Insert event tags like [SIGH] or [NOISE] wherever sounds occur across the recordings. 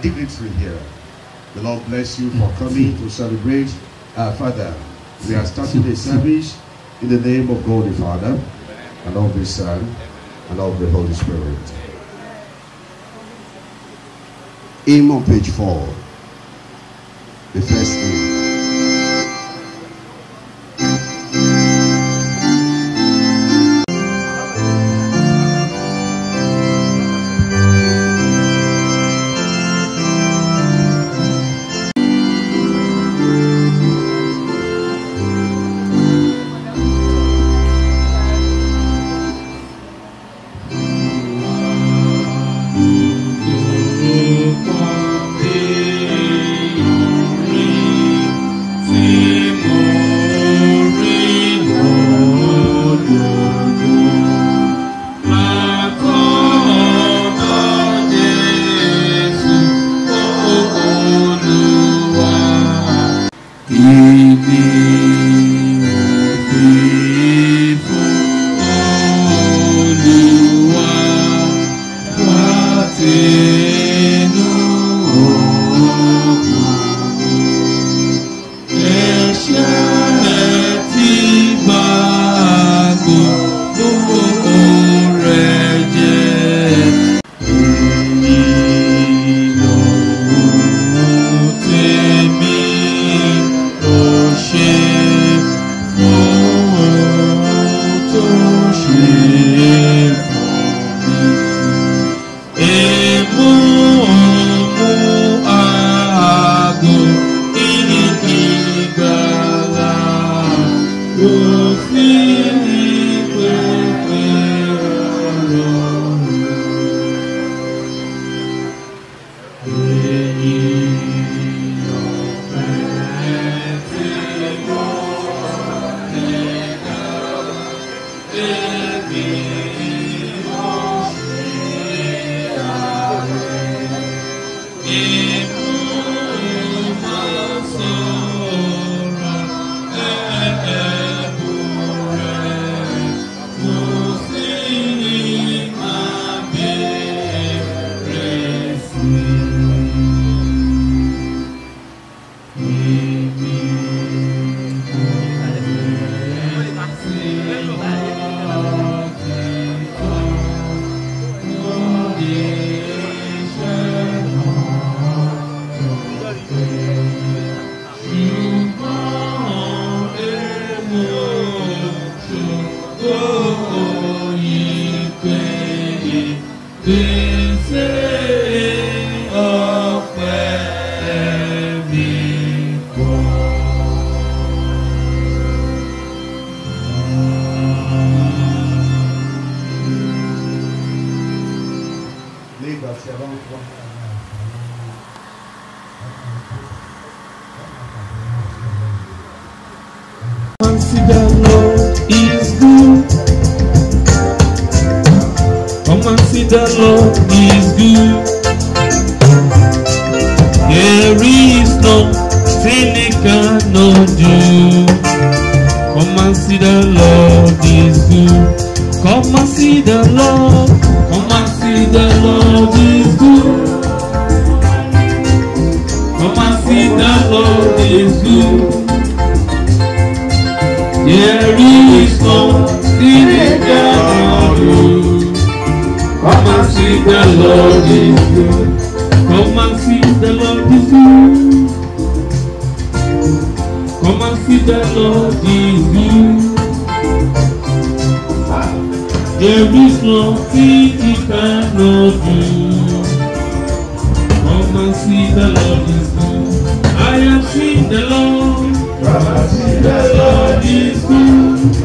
dignitary here. The Lord bless you for coming to celebrate our Father. We are starting the service in the name of God the Father, and of the Son, and of the Holy Spirit. Aim on page 4. The first aim. seen the Lord is good. I have seen the Lord. I have seen the Lord is good.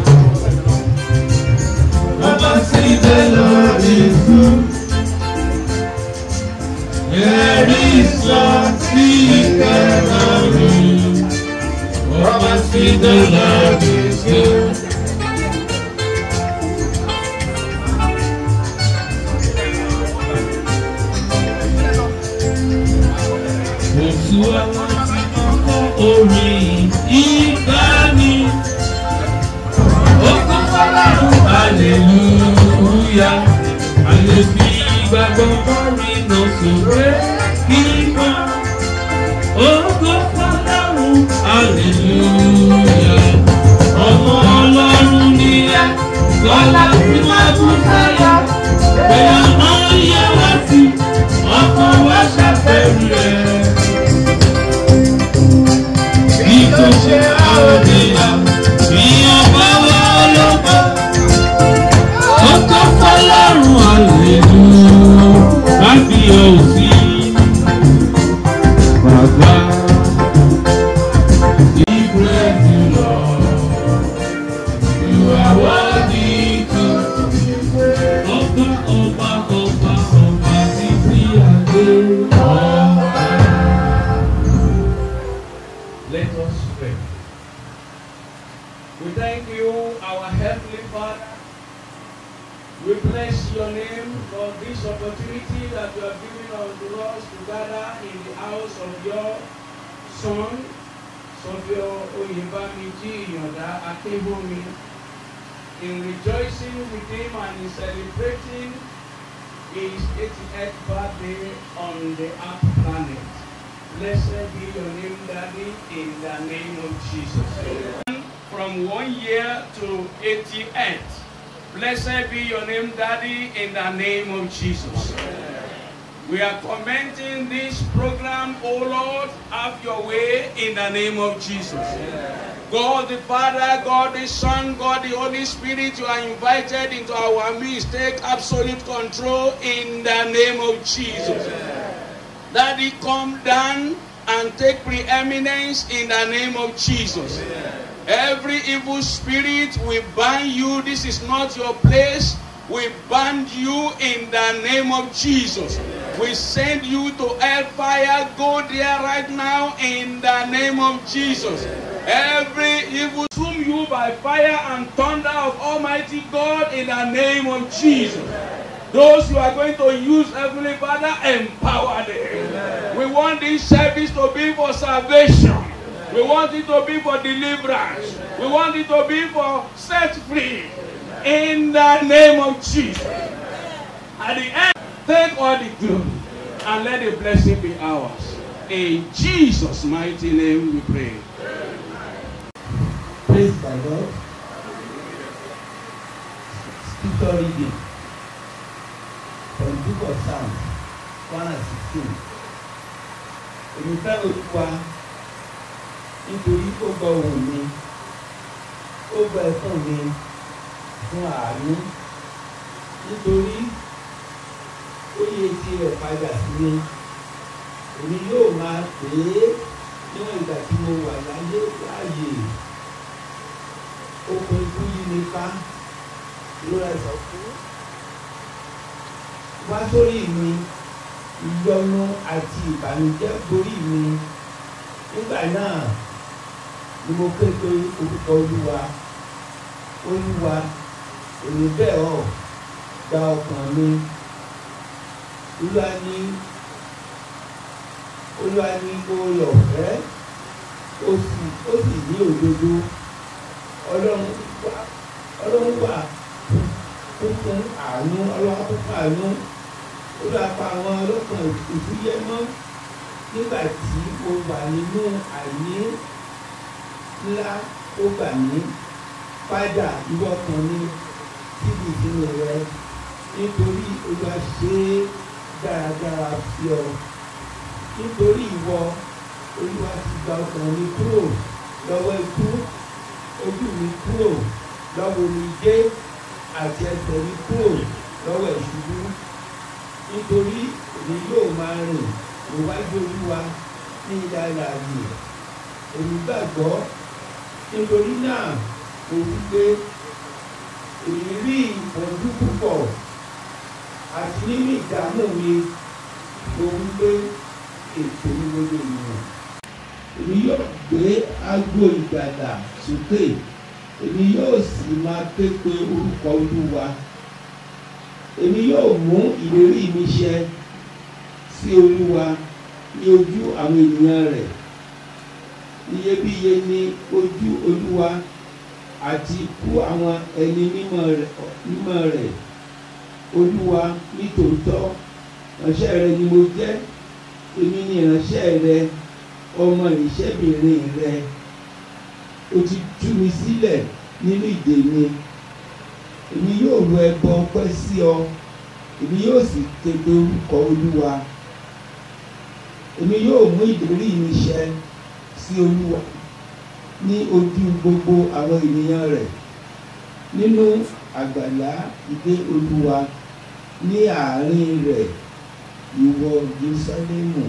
I have seen the Lord is good. There is love, see the me. I have seen the Lord is good. òwe kíkọ́ ògo fọlọ́run aleluya ọmọ ọlọ́run ni ẹ kọ́lá tí wọ́n bú sáyà bẹ́ẹ̀ máa ń yẹ wá sí ọkọ̀ wá ṣàfẹ́rù rẹ̀. Bí kò ṣe àwọn. celebrating his 88th birthday on the earth planet. Blessed be your name, Daddy, in the name of Jesus. From one year to 88. Blessed be your name, Daddy, in the name of Jesus. We are commenting this program, O oh Lord, have your way in the name of Jesus. God the Father, God the Son, God the Holy Spirit, you are invited into our midst. Take absolute control in the name of Jesus. Amen. Daddy, come down and take preeminence in the name of Jesus. Amen. Every evil spirit we bind you. This is not your place. We bind you in the name of Jesus. We send you to hellfire. Go there right now in the name of Jesus. Every evil consume you by fire and thunder of Almighty God in the name of Jesus. Those who are going to use Heavenly Father, empower them. Amen. We want this service to be for salvation. Amen. We want it to be for deliverance. Amen. We want it to be for set free. In the name of Jesus. At the end, take all the glory and let the blessing be ours. In Jesus' mighty name we pray. praised by God. spiritual reading from the book of Psalms, 116. Èmi fẹ́ Olúwa nítorí ó gbọ́ ohùn mi, ó gbọ́ ẹ̀fọ́n mi fún àánú nítorí ó yẹ ti rẹ̀ padà sí mi. Èmi yóò máa pè é níwọ̀n ìgbà tí mo wà láyé láàyè o okùn ikú yìí ní ká ìrora ìsọ̀kú wá sórí mi ìyọnu àti ìbànújẹ́ borí mi nígbà náà ni mo ké pe orúkọ olúwa olúwa òní bẹ́ẹ̀ ọ̀ gba ọkàn mi olúwa ní olúwa ní oore ọ̀fẹ́ ó sì ó sì ní òdodo ọlọ́run wà kúkún àánú ọlọ́run kúkún àánú ó lọ pa àwọn ọlọ́kàn ìdúyẹ mọ́ nígbà tí mo wà nínú àìní ńlá ó gbà mí padà ìwọ kan ní síbi ìdílé rẹ nítorí olúwa ṣe dáradára sí ọ nítorí ìwọ olúwa ti gba ọkàn mi kúrò lọ́wọ́ ikú ojú mi kúrò lọ́wọ́ omijé àti ẹsẹ̀ mi kúrò lọ́wọ́ ìṣubú nítorí èmi yóò máa rìn níwájú olúwa ní ilẹ̀ alààyè èmi gbàgbọ́ nítorí náà mo wípé ìrírí ìpọ́njú púpọ̀ àti nínú ìdààmú mi mo wípé ètò mi gbogbo ènìyàn èmi yóò gbé aago ìgbàlà sókè èmi yóò sì máa ké pe orúkọ olúwa èmi yóò mú ìlérí mi ṣẹ sí olúwa ní ojú àwọn ènìyàn rẹ̀ iyebíye ni ojú olúwa àti ikú àwọn ẹni mímọ́ rẹ̀ olúwa nítòótọ́ ìránṣẹ́ rẹ ni mo jẹ́ èmi ni ìránṣẹ́ rẹ ọmọ ìṣẹ́bìnrin rẹ o ti tú mi sílẹ̀ nínú ìdè mi èmi yóò rú ẹbọ ọpẹ́ sí ọ èmi yóò sì kéde orúkọ olúwa èmi yóò mú ìdérí mi ṣẹ sí olúwa ní ojú gbogbo àwọn ènìyàn rẹ̀ nínú àgbàlá ìdè olúwa ní àárín rẹ̀ ìwọ Jerúsálẹ́mù.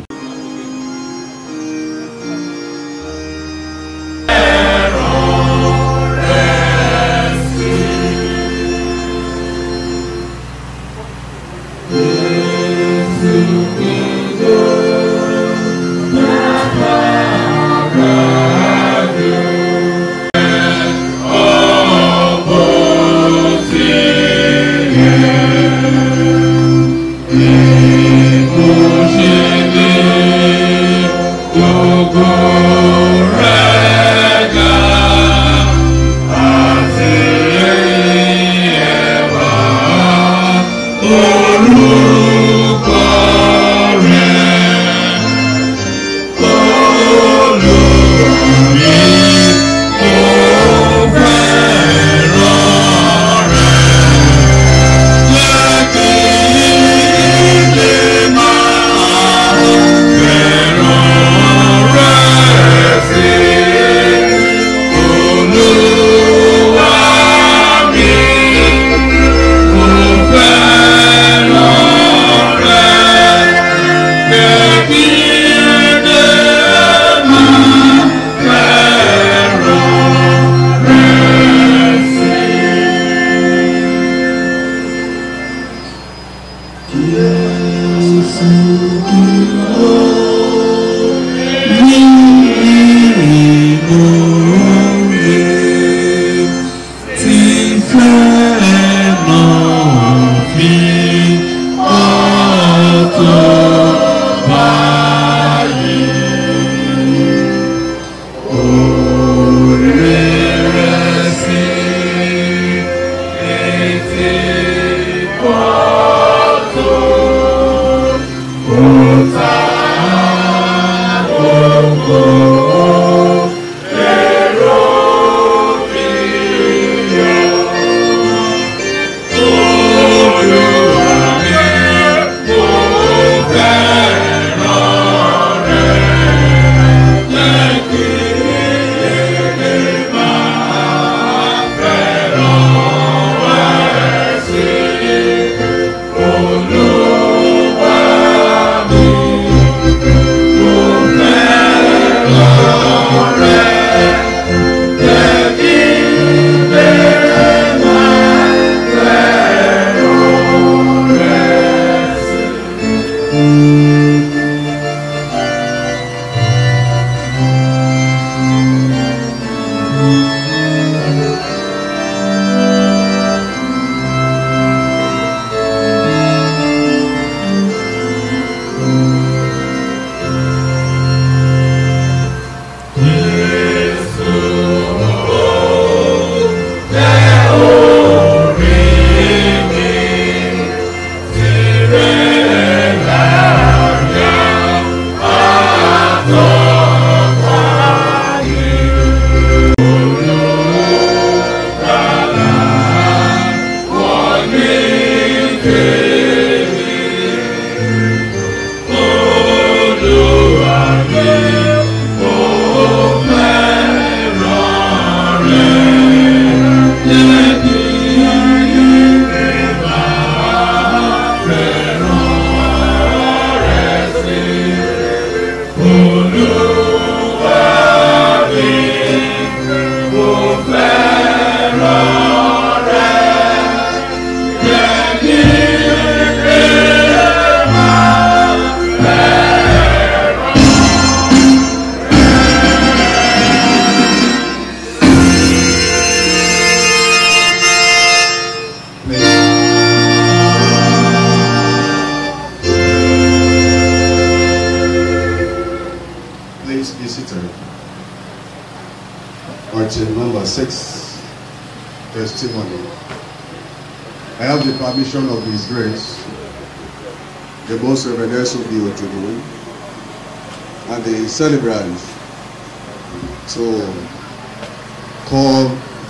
Oh.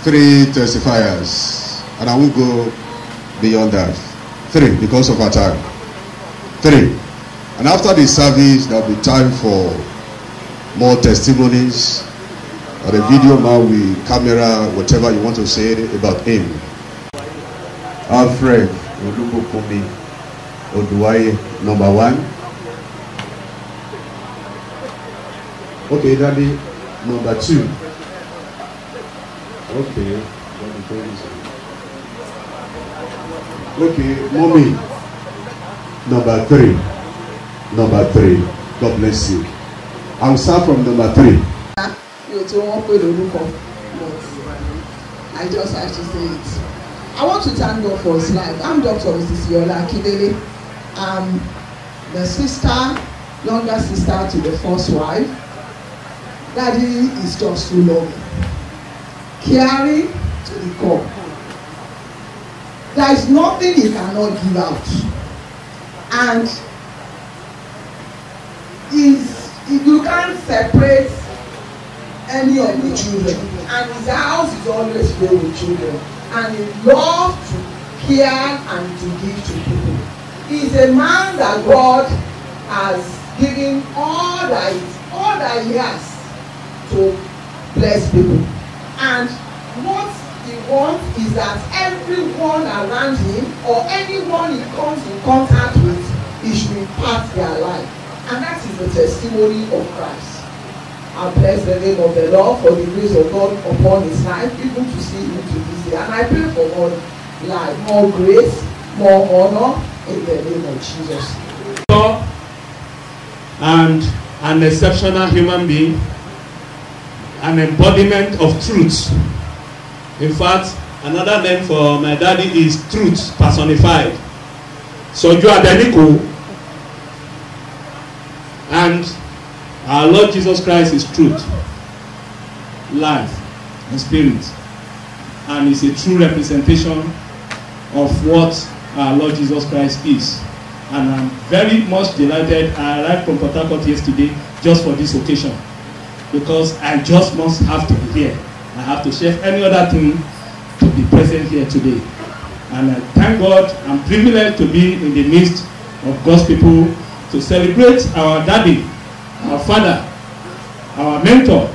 three testifiers, uh, and I won't go beyond that. Three, because of our time. Three. And after the service, there'll be time for more testimonies or a video man with camera, whatever you want to say about him. Alfred Olubokumi Oduwaye, number one. Okay, Daddy, number two. Okay, okay, mommy, number three, number three, God bless you. I start from number three. You to one pay the look up, but I just have to say it. I want to thank God for his life. I'm Dr. Mrs. Yola Akindele. I'm the sister, younger sister to the first wife. Daddy is just too loving caring to the core. There is nothing he cannot give out. And is you can't separate any of the children. And his house is always filled with children. And he loves to care and to give to people. He's a man that God has given all that all that he has to bless people. And what he wants is that everyone around him or anyone he comes in contact with, he should impart their life. And that is the testimony of Christ. I bless the name of the Lord for the grace of God upon his life, even to see him to this day. And I pray for more life, more grace, more honor in the name of Jesus. And an exceptional human being an embodiment of truth. In fact, another name for my daddy is truth personified. Sojo Adeniko and our Lord Jesus Christ is truth, life, and spirit. And is a true representation of what our Lord Jesus Christ is. And I'm very much delighted. I arrived from Port Harcourt yesterday just for this occasion. because I just must have to be here. I have to share any other thing to be present here today. And I thank God I'm privileged to be in the midst of God's people to celebrate our daddy, our father, our mentor.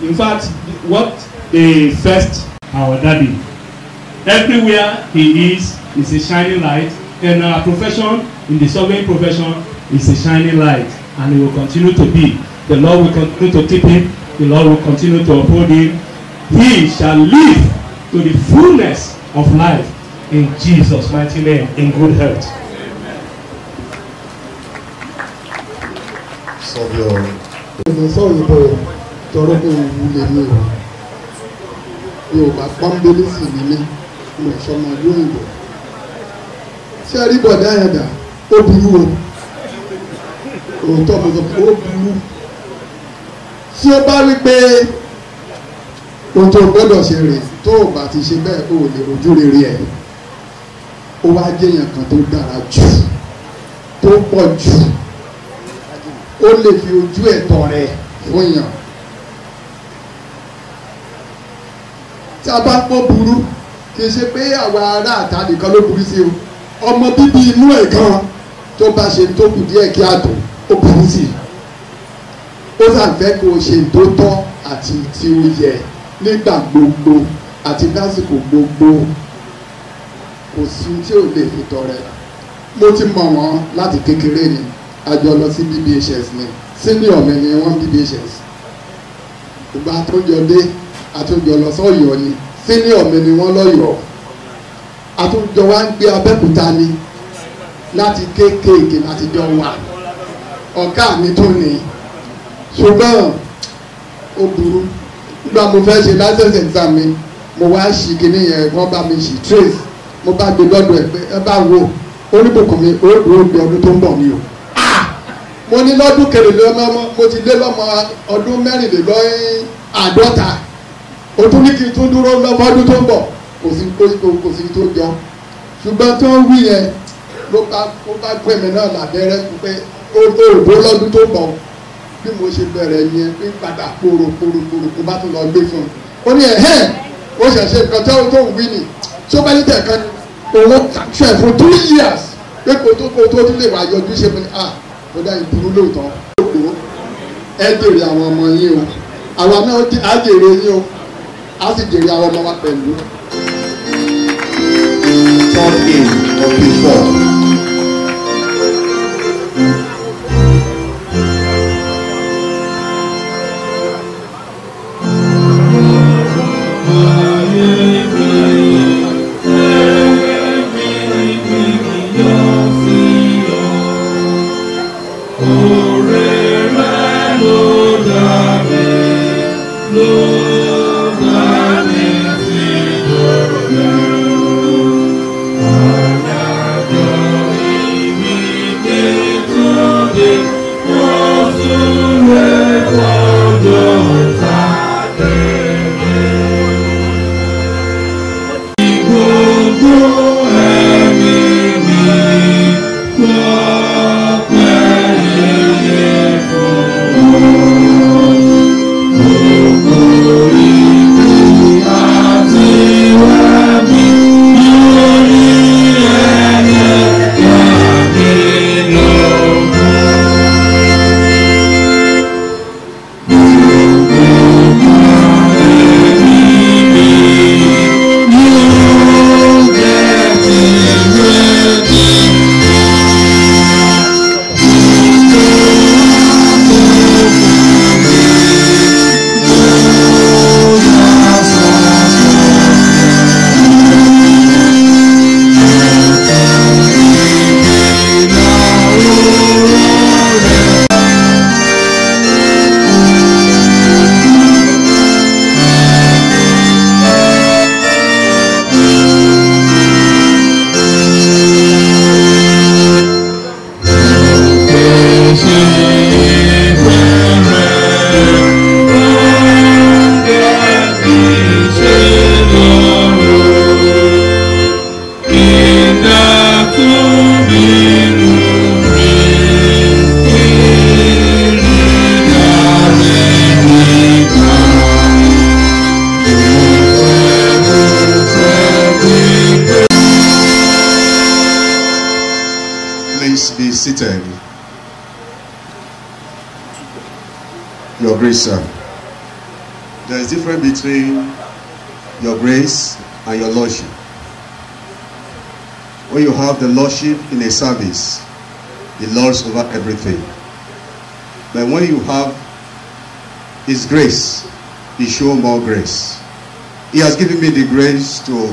In fact, what a first our daddy. Everywhere he is, is a shining light. And our profession, in the serving profession, is a shining light. And it will continue to be. The Lord will continue to keep him. The Lord will continue to uphold him. He shall live to the fullness of life in Jesus' mighty name, in good health. Sọ́bíọ̀. Èmi sọ Ó burú o. Òótọ́ mo sọ pé ó burú tí ó bá wí pé ohun tó gbọ́dọ̀ ṣe rè tó o bá ti ṣe bẹ́ẹ̀ o lè rojú rere ẹ̀ ó wá jẹ́yàn kan tó dára jù tó pọ̀ jù ó lè fi ojú ẹ̀tọ́ rẹ̀ fún yàn tí a bá pọ̀ burú kì í ṣe pé àwa ará àta nìkan ló burú sí o ọmọ bíbí inú ẹ̀ kan tó bá ṣe tó kù díẹ̀ kí a tó ó burú sí i ó ṣàfẹ́ kó o ṣe tó tọ́ àti tí ó yẹ nígbà gbogbo àti lásìkò gbogbo kò sí tí ò lè fi tọrẹ mo ti mọ̀ wọ́n láti kékeré ni a lọ sí BBHS ni senior mi ni wọ́n BBHS ìgbà tó jọ dé àtúnjọ lọ sọ́yọ́ ni senior mi ni wọ́n lọ́yọ̀ọ́ àtúnjọ wa ń gbé abẹ́kúta ni láti kéékèèké láti jọ wà ọ̀gá mi tó ní ṣùgbọ́n ó burú nígbà mo fẹ́ ṣe license exam mi mo wá ṣì kíní yẹn wọ́n bá mi ṣì trace mo bá gbé lọ́dọ̀ ẹ̀ pé ẹ bá wo oníbùkún mi ó dúró gbé ọdún tó ń bọ̀ mí o ah! mo ní lọ́dún kẹrìnlélọ́mọ mo ti lé lọ́mọ ọdún mẹ́rìnlélọ́yìn àádọ́ta o tún ní kí n tún dúró lọ́mọ ọdún tó ń bọ̀ kò sí kò sí tó jọ ṣùgbọ́n tó ń wí yẹn ló bá gbẹ̀mí náà lábẹ́rẹ́ pé ó dúró lọ́dún tó ń bọ̀ bí mo ṣe bẹ̀rẹ̀ yẹn pé padà kóró kóró kóró kó bá tún lọ gbé fún un ó ní ẹ̀hẹ́n ó ṣẹ̀ṣẹ̀ nǹkan tó tó wí ni tó bá ní tẹ̀kan òun ṣẹ̀ fún three years pé kó tó kó tó tún lè wá yọjú ṣe fún mi ah ó dá ìdúró lóòótọ́ òkú ẹ dèrè àwọn ọmọ yín o àwa náà á dèrè yín o á sì dèrè àwọn ọmọ wa pẹ̀lú. Turn in or in a service, the Lord's over everything. But when you have His grace, He show more grace. He has given me the grace to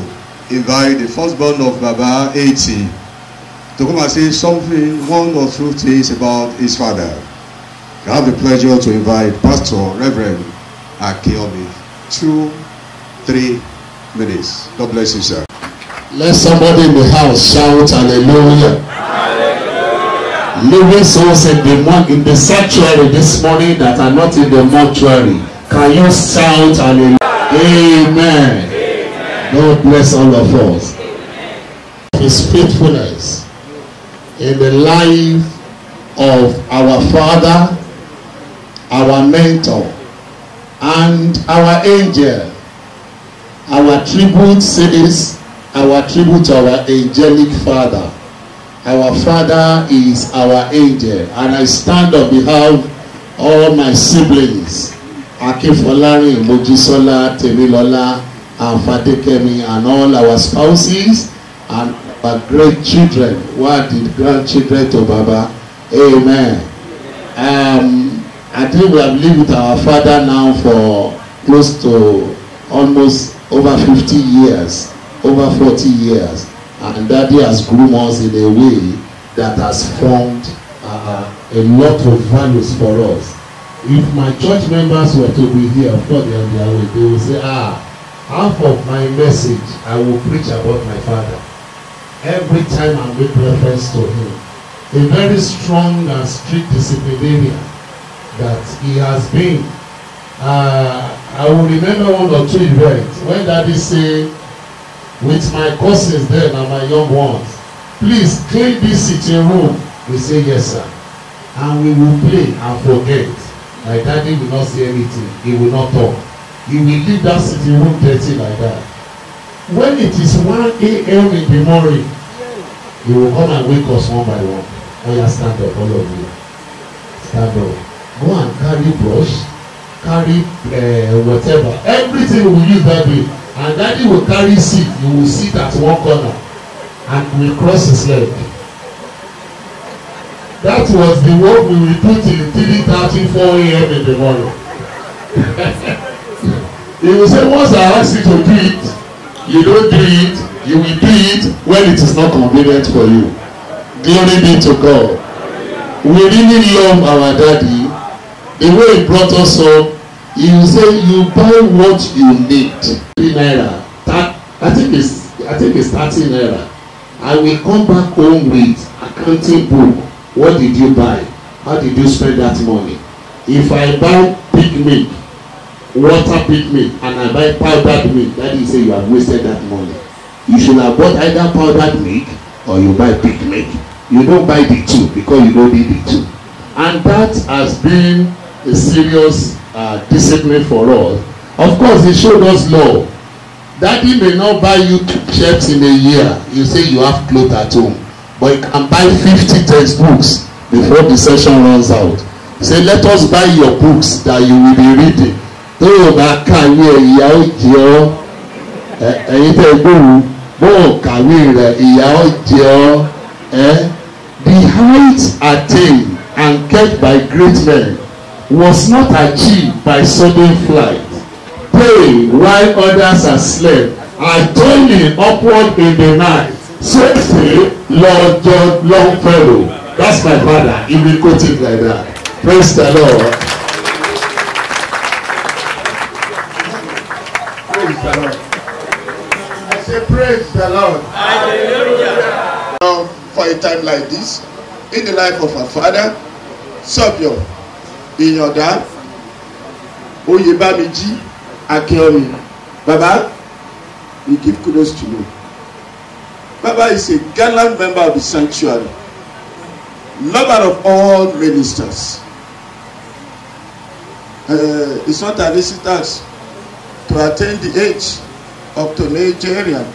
invite the firstborn of Baba 80 to come and say something, one or two things about his father. I have the pleasure to invite Pastor Reverend Akiomi. Two, three minutes. God bless you, sir. Let somebody in the house shout hallelujah. Living souls in the, in the sanctuary this morning that are not in the mortuary. Can you shout hallelujah? Amen. Amen. God bless all of us. Amen. His faithfulness in the life of our Father, our mentor, and our angel. Our tribute cities our tribute to our angelic father. Our father is our angel, and I stand on behalf of all my siblings, Akinfolari, Mojisola, Temilola, and Fadekemi, and all our spouses, and our great children, who are the grandchildren to Baba. Amen. Um, I think we have lived with our father now for close to almost over fifty years over 40 years, and Daddy has groomed us in a way that has formed uh, a lot of values for us. If my church members were to be here, of course, they are on their way, they will say, ah, half of my message I will preach about my father. Every time I make reference to him, a very strong and strict disciplinarian that he has been. Uh, I will remember one or two events when daddy say with my cousins then and my young ones please clean this sitting room we say yes sir and we will play and forget my daddy will not say anything he will not talk he will leave that sitting room dirty like that when it is one a.m. in the morning he will come and wake us one by one oh, All oya stand up all of you stand up go and carry brush carry uh, whatever everything we use that day And daddy will carry sick. He will sit at one corner and we cross his leg. That was the work we will do till three thirty four a.m. in the morning. [LAUGHS] he will say once I ask you to do it, you don't do it, you will do it when it is not convenient for you. Glory be to God. We really love our daddy. The way he brought us up you say you buy what you need three naira i think it's i think it's thirty naira i will come back home with accounting book what did you buy how did you spend that money if i buy pig milk water pig milk and i buy powdered milk that mean say you have wasted that money you should have bought either powdered milk or you buy pig milk you don't buy the two because you don't need the two and that has been a serious uh, discipline for us. Of course, he showed us love. Daddy may not buy you two shirts in a year. You say you have clothes at home. But you can buy 50 textbooks before the session runs out. Say, let us buy your books that you will be reading. Tó o bá kàwé ìyá ó jẹ ọ́. Ẹ̀yin tẹ́ gbóhùn bó o kàwé rẹ̀ ìyá ó jẹ ọ́. The height attained and kept by great men was not achieved by sudden flight. Pray while others are slept, are journeying upward in the night. Say, say, Lord John Longfellow. That's my father. He will quote it like that. Praise the Lord. Praise the Lord. I say, Praise the Lord. Hallelujah. Now, for a time like this, in the life of our father, Savior ìyàndá oyèbámijí akínọmí baba we give kudos to you baba is a gallant member of the sanctuary lover of all ministers uh, it's not an easy task to attain the age of Nigeria,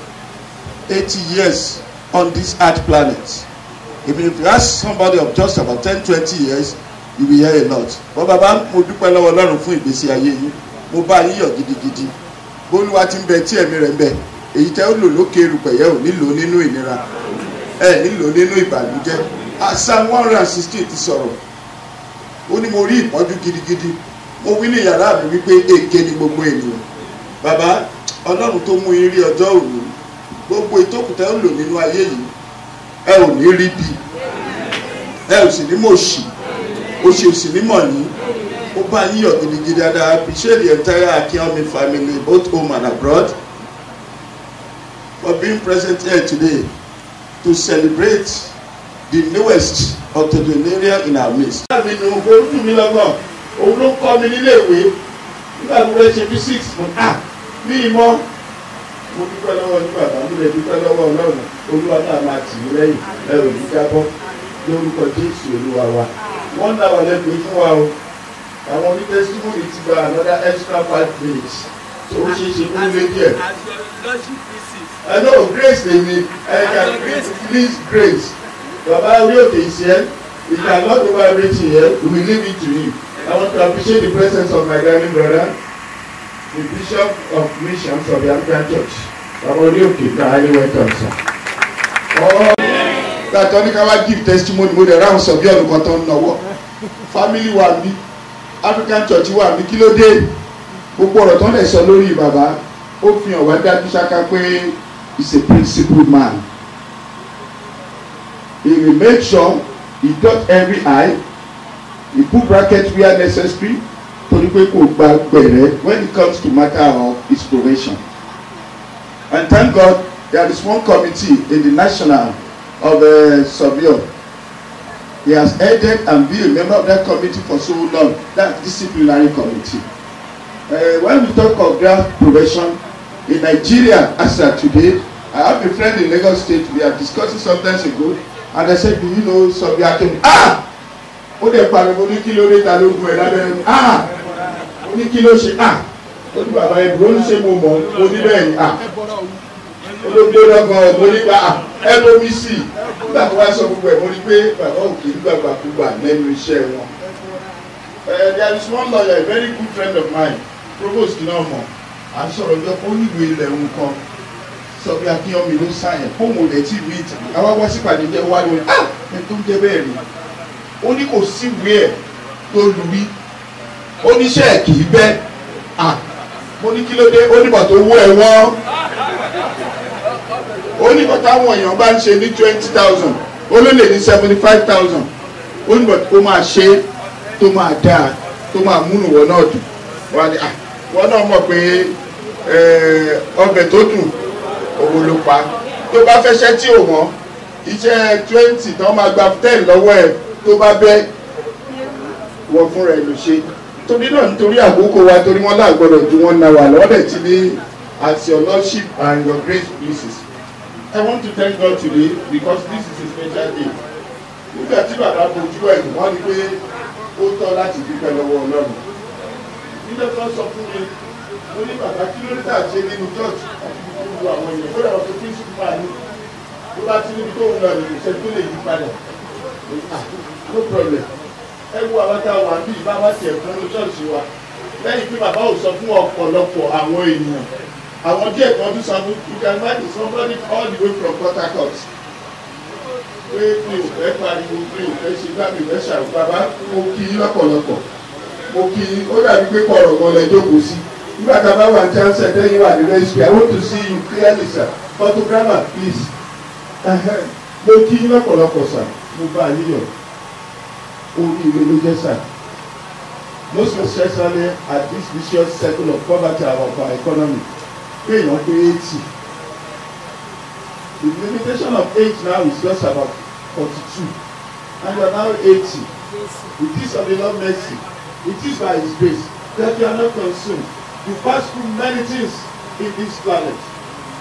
eighty years on this earth planet Even if you ask somebody of just about ten twenty years you will hear a lot but bàbá mo dúpẹ́ lọ́wọ́ ọlọ́run fún ìgbésí ayé yín mo bá yín yọ̀ gidigidi bólúwa ti ń bẹ tí ẹ̀mí rẹ̀ ń bẹ èyí tẹ́ ó lò lókè erùpẹ̀yẹ ò nílò nínú ìnira ẹ̀ nílò nínú ìbànújẹ́ psalm one hundred and sixteen ti sọ̀rọ̀ ó ní mo rí ìpọ́njú gidigidi mo wí ní yàrá mi wípé èké ni gbogbo ènìyàn bàbá ọlọ́run tó mú yín rí ọjọ́ òní gbogbo ìtókùtà ó lò nínú ayé yìí ẹ ò ní rí bí ẹ ò sì ní mọ̀ sí ó ṣe sì mímọ̀ ní ó bá yíyọ̀ gidigidi dáadáa appreciate the entire akínọ́mi family both home and abroad for being present here today to celebrate the newest octogenarian in our midst. ìyá mi nù pé ó dùn mí òun ló ń kọ́ mi nílé ìwé nígbà tó fẹ́ ṣe physics mo à ah, ní ìmọ̀ mo dúpẹ́ lọ́wọ́ ní bàbá mi lè dúpẹ́ lọ́wọ́ ọlọ́run olúwa náà máa tì mí lẹ́yìn ẹrù mi lórúkọ jésù olúwa wa wọ́n náà wọlé pé fún wa o àwọn onítẹ̀síwòye ti gba another extra five minutes tó ó ṣe é ṣe kó lé díẹ̀. ẹ ló grace lèmi ẹ kà please grace bàbá orí òkè ìṣe you can not over everything here we will leave it to you I want to appreciate the presence of my darling brother the bishop of missions of the Anglican Church bàbá orí òkè ìta ayé wẹ́tọ̀ sir. That only ká give testimony mo dẹ̀ ráhùn sọ bí ọ̀nù kan tó family one, mi African church one, mi kilo day. dé gbogbo ọ̀rọ̀ tó ń lè sọ lórí bàbá ó fi hàn wá dájú ṣáká pé he's a principled man he will make sure he dot every eye. he put bracket where necessary torí pé kò gba gbẹ̀rẹ̀ when it comes to matter of his probation and thank God there is one committee in the national of uh, Sobio. He has headed and been a member of that committee for so long, that disciplinary committee. Uh, when we talk of graft prevention in Nigeria as of today, I have a friend in Lagos State, we are discussing sometimes ago, and I said, Do you know Sobio Akemi? Ah! Ó dẹ̀ pariwo ní kí ló ló gun ẹ̀ lábẹ́rẹ́ mi. Ah! Ó ní kí ṣe ah! Ó ní bàbá ẹ̀ bùrọ̀ ní ṣé mo mọ̀ ọ́? ní bẹ́ẹ̀ ni ah! olóògbé lọ́gbọ̀n ọ̀gbọ́n nípa nígbà tó wá sọ gbogbo ẹ̀ mo rí pé bàbá òkè gbàgbàkúgbà lẹ́nu iṣẹ́ wọn. Eh, there is one lawyer a very good friend of mine provost náà mọ̀ à ń sọ̀rọ̀ jọ ó níwèé ilẹ̀ òun kan sọ pé akínyọ́mi ló sáyẹn fóònù rẹ̀ tí ìwé ìtàn àwa wá sípàdé jẹ́ wá lórí ah, ẹ̀ tó ń jẹ́ bẹ́ẹ̀ rí ó ní kò síwèé ẹ̀ tó lu rí oníṣẹ́ kì í bẹ́ à ah, mo ní kí ló dé ó wú ẹ wọ́n ó ní kọ́tà àwọn èèyàn bá ń ṣe ní twenty thousand ó ló lè ní seventy five thousand ó ní bọ̀dọ̀ kó máa ṣe tó máa dáa tó máa múnú wọn náà dùn wọn ni ah, wọn náà mọ̀ pé eh, ọbẹ̀ tó dùn òun ló pa tó bá fẹ́ ṣẹ́ tí ò wọ́n iṣẹ́ twenty tó máa gba ten lọ́wọ́ ẹ̀ tó bá bẹ́ wọ fúnra ẹ̀ ló ṣe torí náà nítorí àkókò wa torí wọn láàgbọ́dọ̀ ju wọn náà wà lọ́dẹ̀ tí ní as your lordship and your grace pleases. I want to thank God today because this is a special day. Nígbà tí bàbá bojú ẹ̀ wọ́n ní pé ó tọ́ láti dúpẹ́ lọ́wọ́ Ọlọ́run. Nígbà tó sọ fún mi, mo ní bàbá kí ló dà ṣe nínú church àti gbogbo àwọn èèyàn kó dàgbà tó fi sùn máa ní. Tó bá ti níbi tó ń lọ ìlú ṣe tó lè yí padà. Ah, no problem. Ẹ wo àwọn tá a wà bí bàbá tiẹ̀ fún ní church wa. Lẹ́yìn pé bàbá ò sọ fún ọ̀pọ̀lọpọ̀ àwọn èèyàn àwọn díẹ̀ kan do some you can imagine somebody all the way from Port Harcourt pé mi ò fẹ́ pariwo mi ò fẹ́ ṣe gbàgbé fẹ́ ṣàrò bàbá mo kí i lọ́pọ̀lọpọ̀ mo kí i ó dàbí pé kọ̀rọ̀ kan lẹ jókòó sí nígbà tá a bá wà ní chance ẹ̀ tẹ́yìn wà ní rescue I want to see you clearly sir photographer please mo kí i lọ́pọ̀lọpọ̀ sir mo bá a yíyọ̀ orí ilé ló jẹ́ sir most especially at this vicious circle of poverty of our economy kéèyàn pé eighty the limitation of age now is just about forty-two and you are now eighty it is of the Lord mercy it is by his grace that you are not consumed you pass through many things in this planet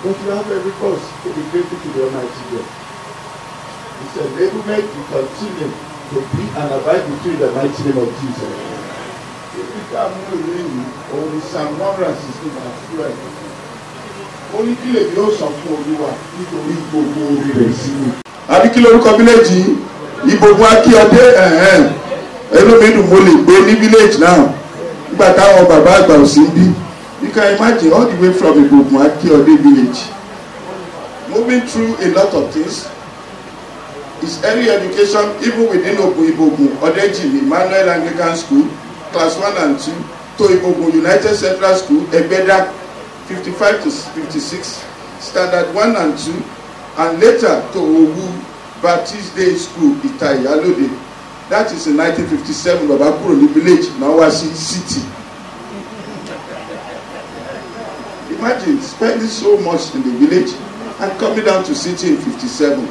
but you have every cause to be grateful to the Almighty God He his enablement will continue to be and abide with the mighty name of Jesus. If ká mú ìlú yìí, òun ni Psalm one hundred and sixteen and twelve ó ní kí lèmi ó sọ fún olúwa nítorí gbogbo orí rẹ̀ sí mi. àbí kí lórúkọ village ìbòmùn akíọdé ẹlòmídùn mo lè gbé ní village náà nígbà táwọn bàbá àgbà ò sí bí you can imagine all the way from ìbòmùn akíọdé village moving through a lot of things is early education even within Ibogun Odejimi Emmanuel Anglican School class one and two to Ibogun United Central School Egbeda 55 to 56, Standard 1 and 2, and later to Owu Baptist Day School, Itayalode. That is in 1957, Baba kúrò ní village, now in city. Imagine spending so much in the village and coming down to city in 57.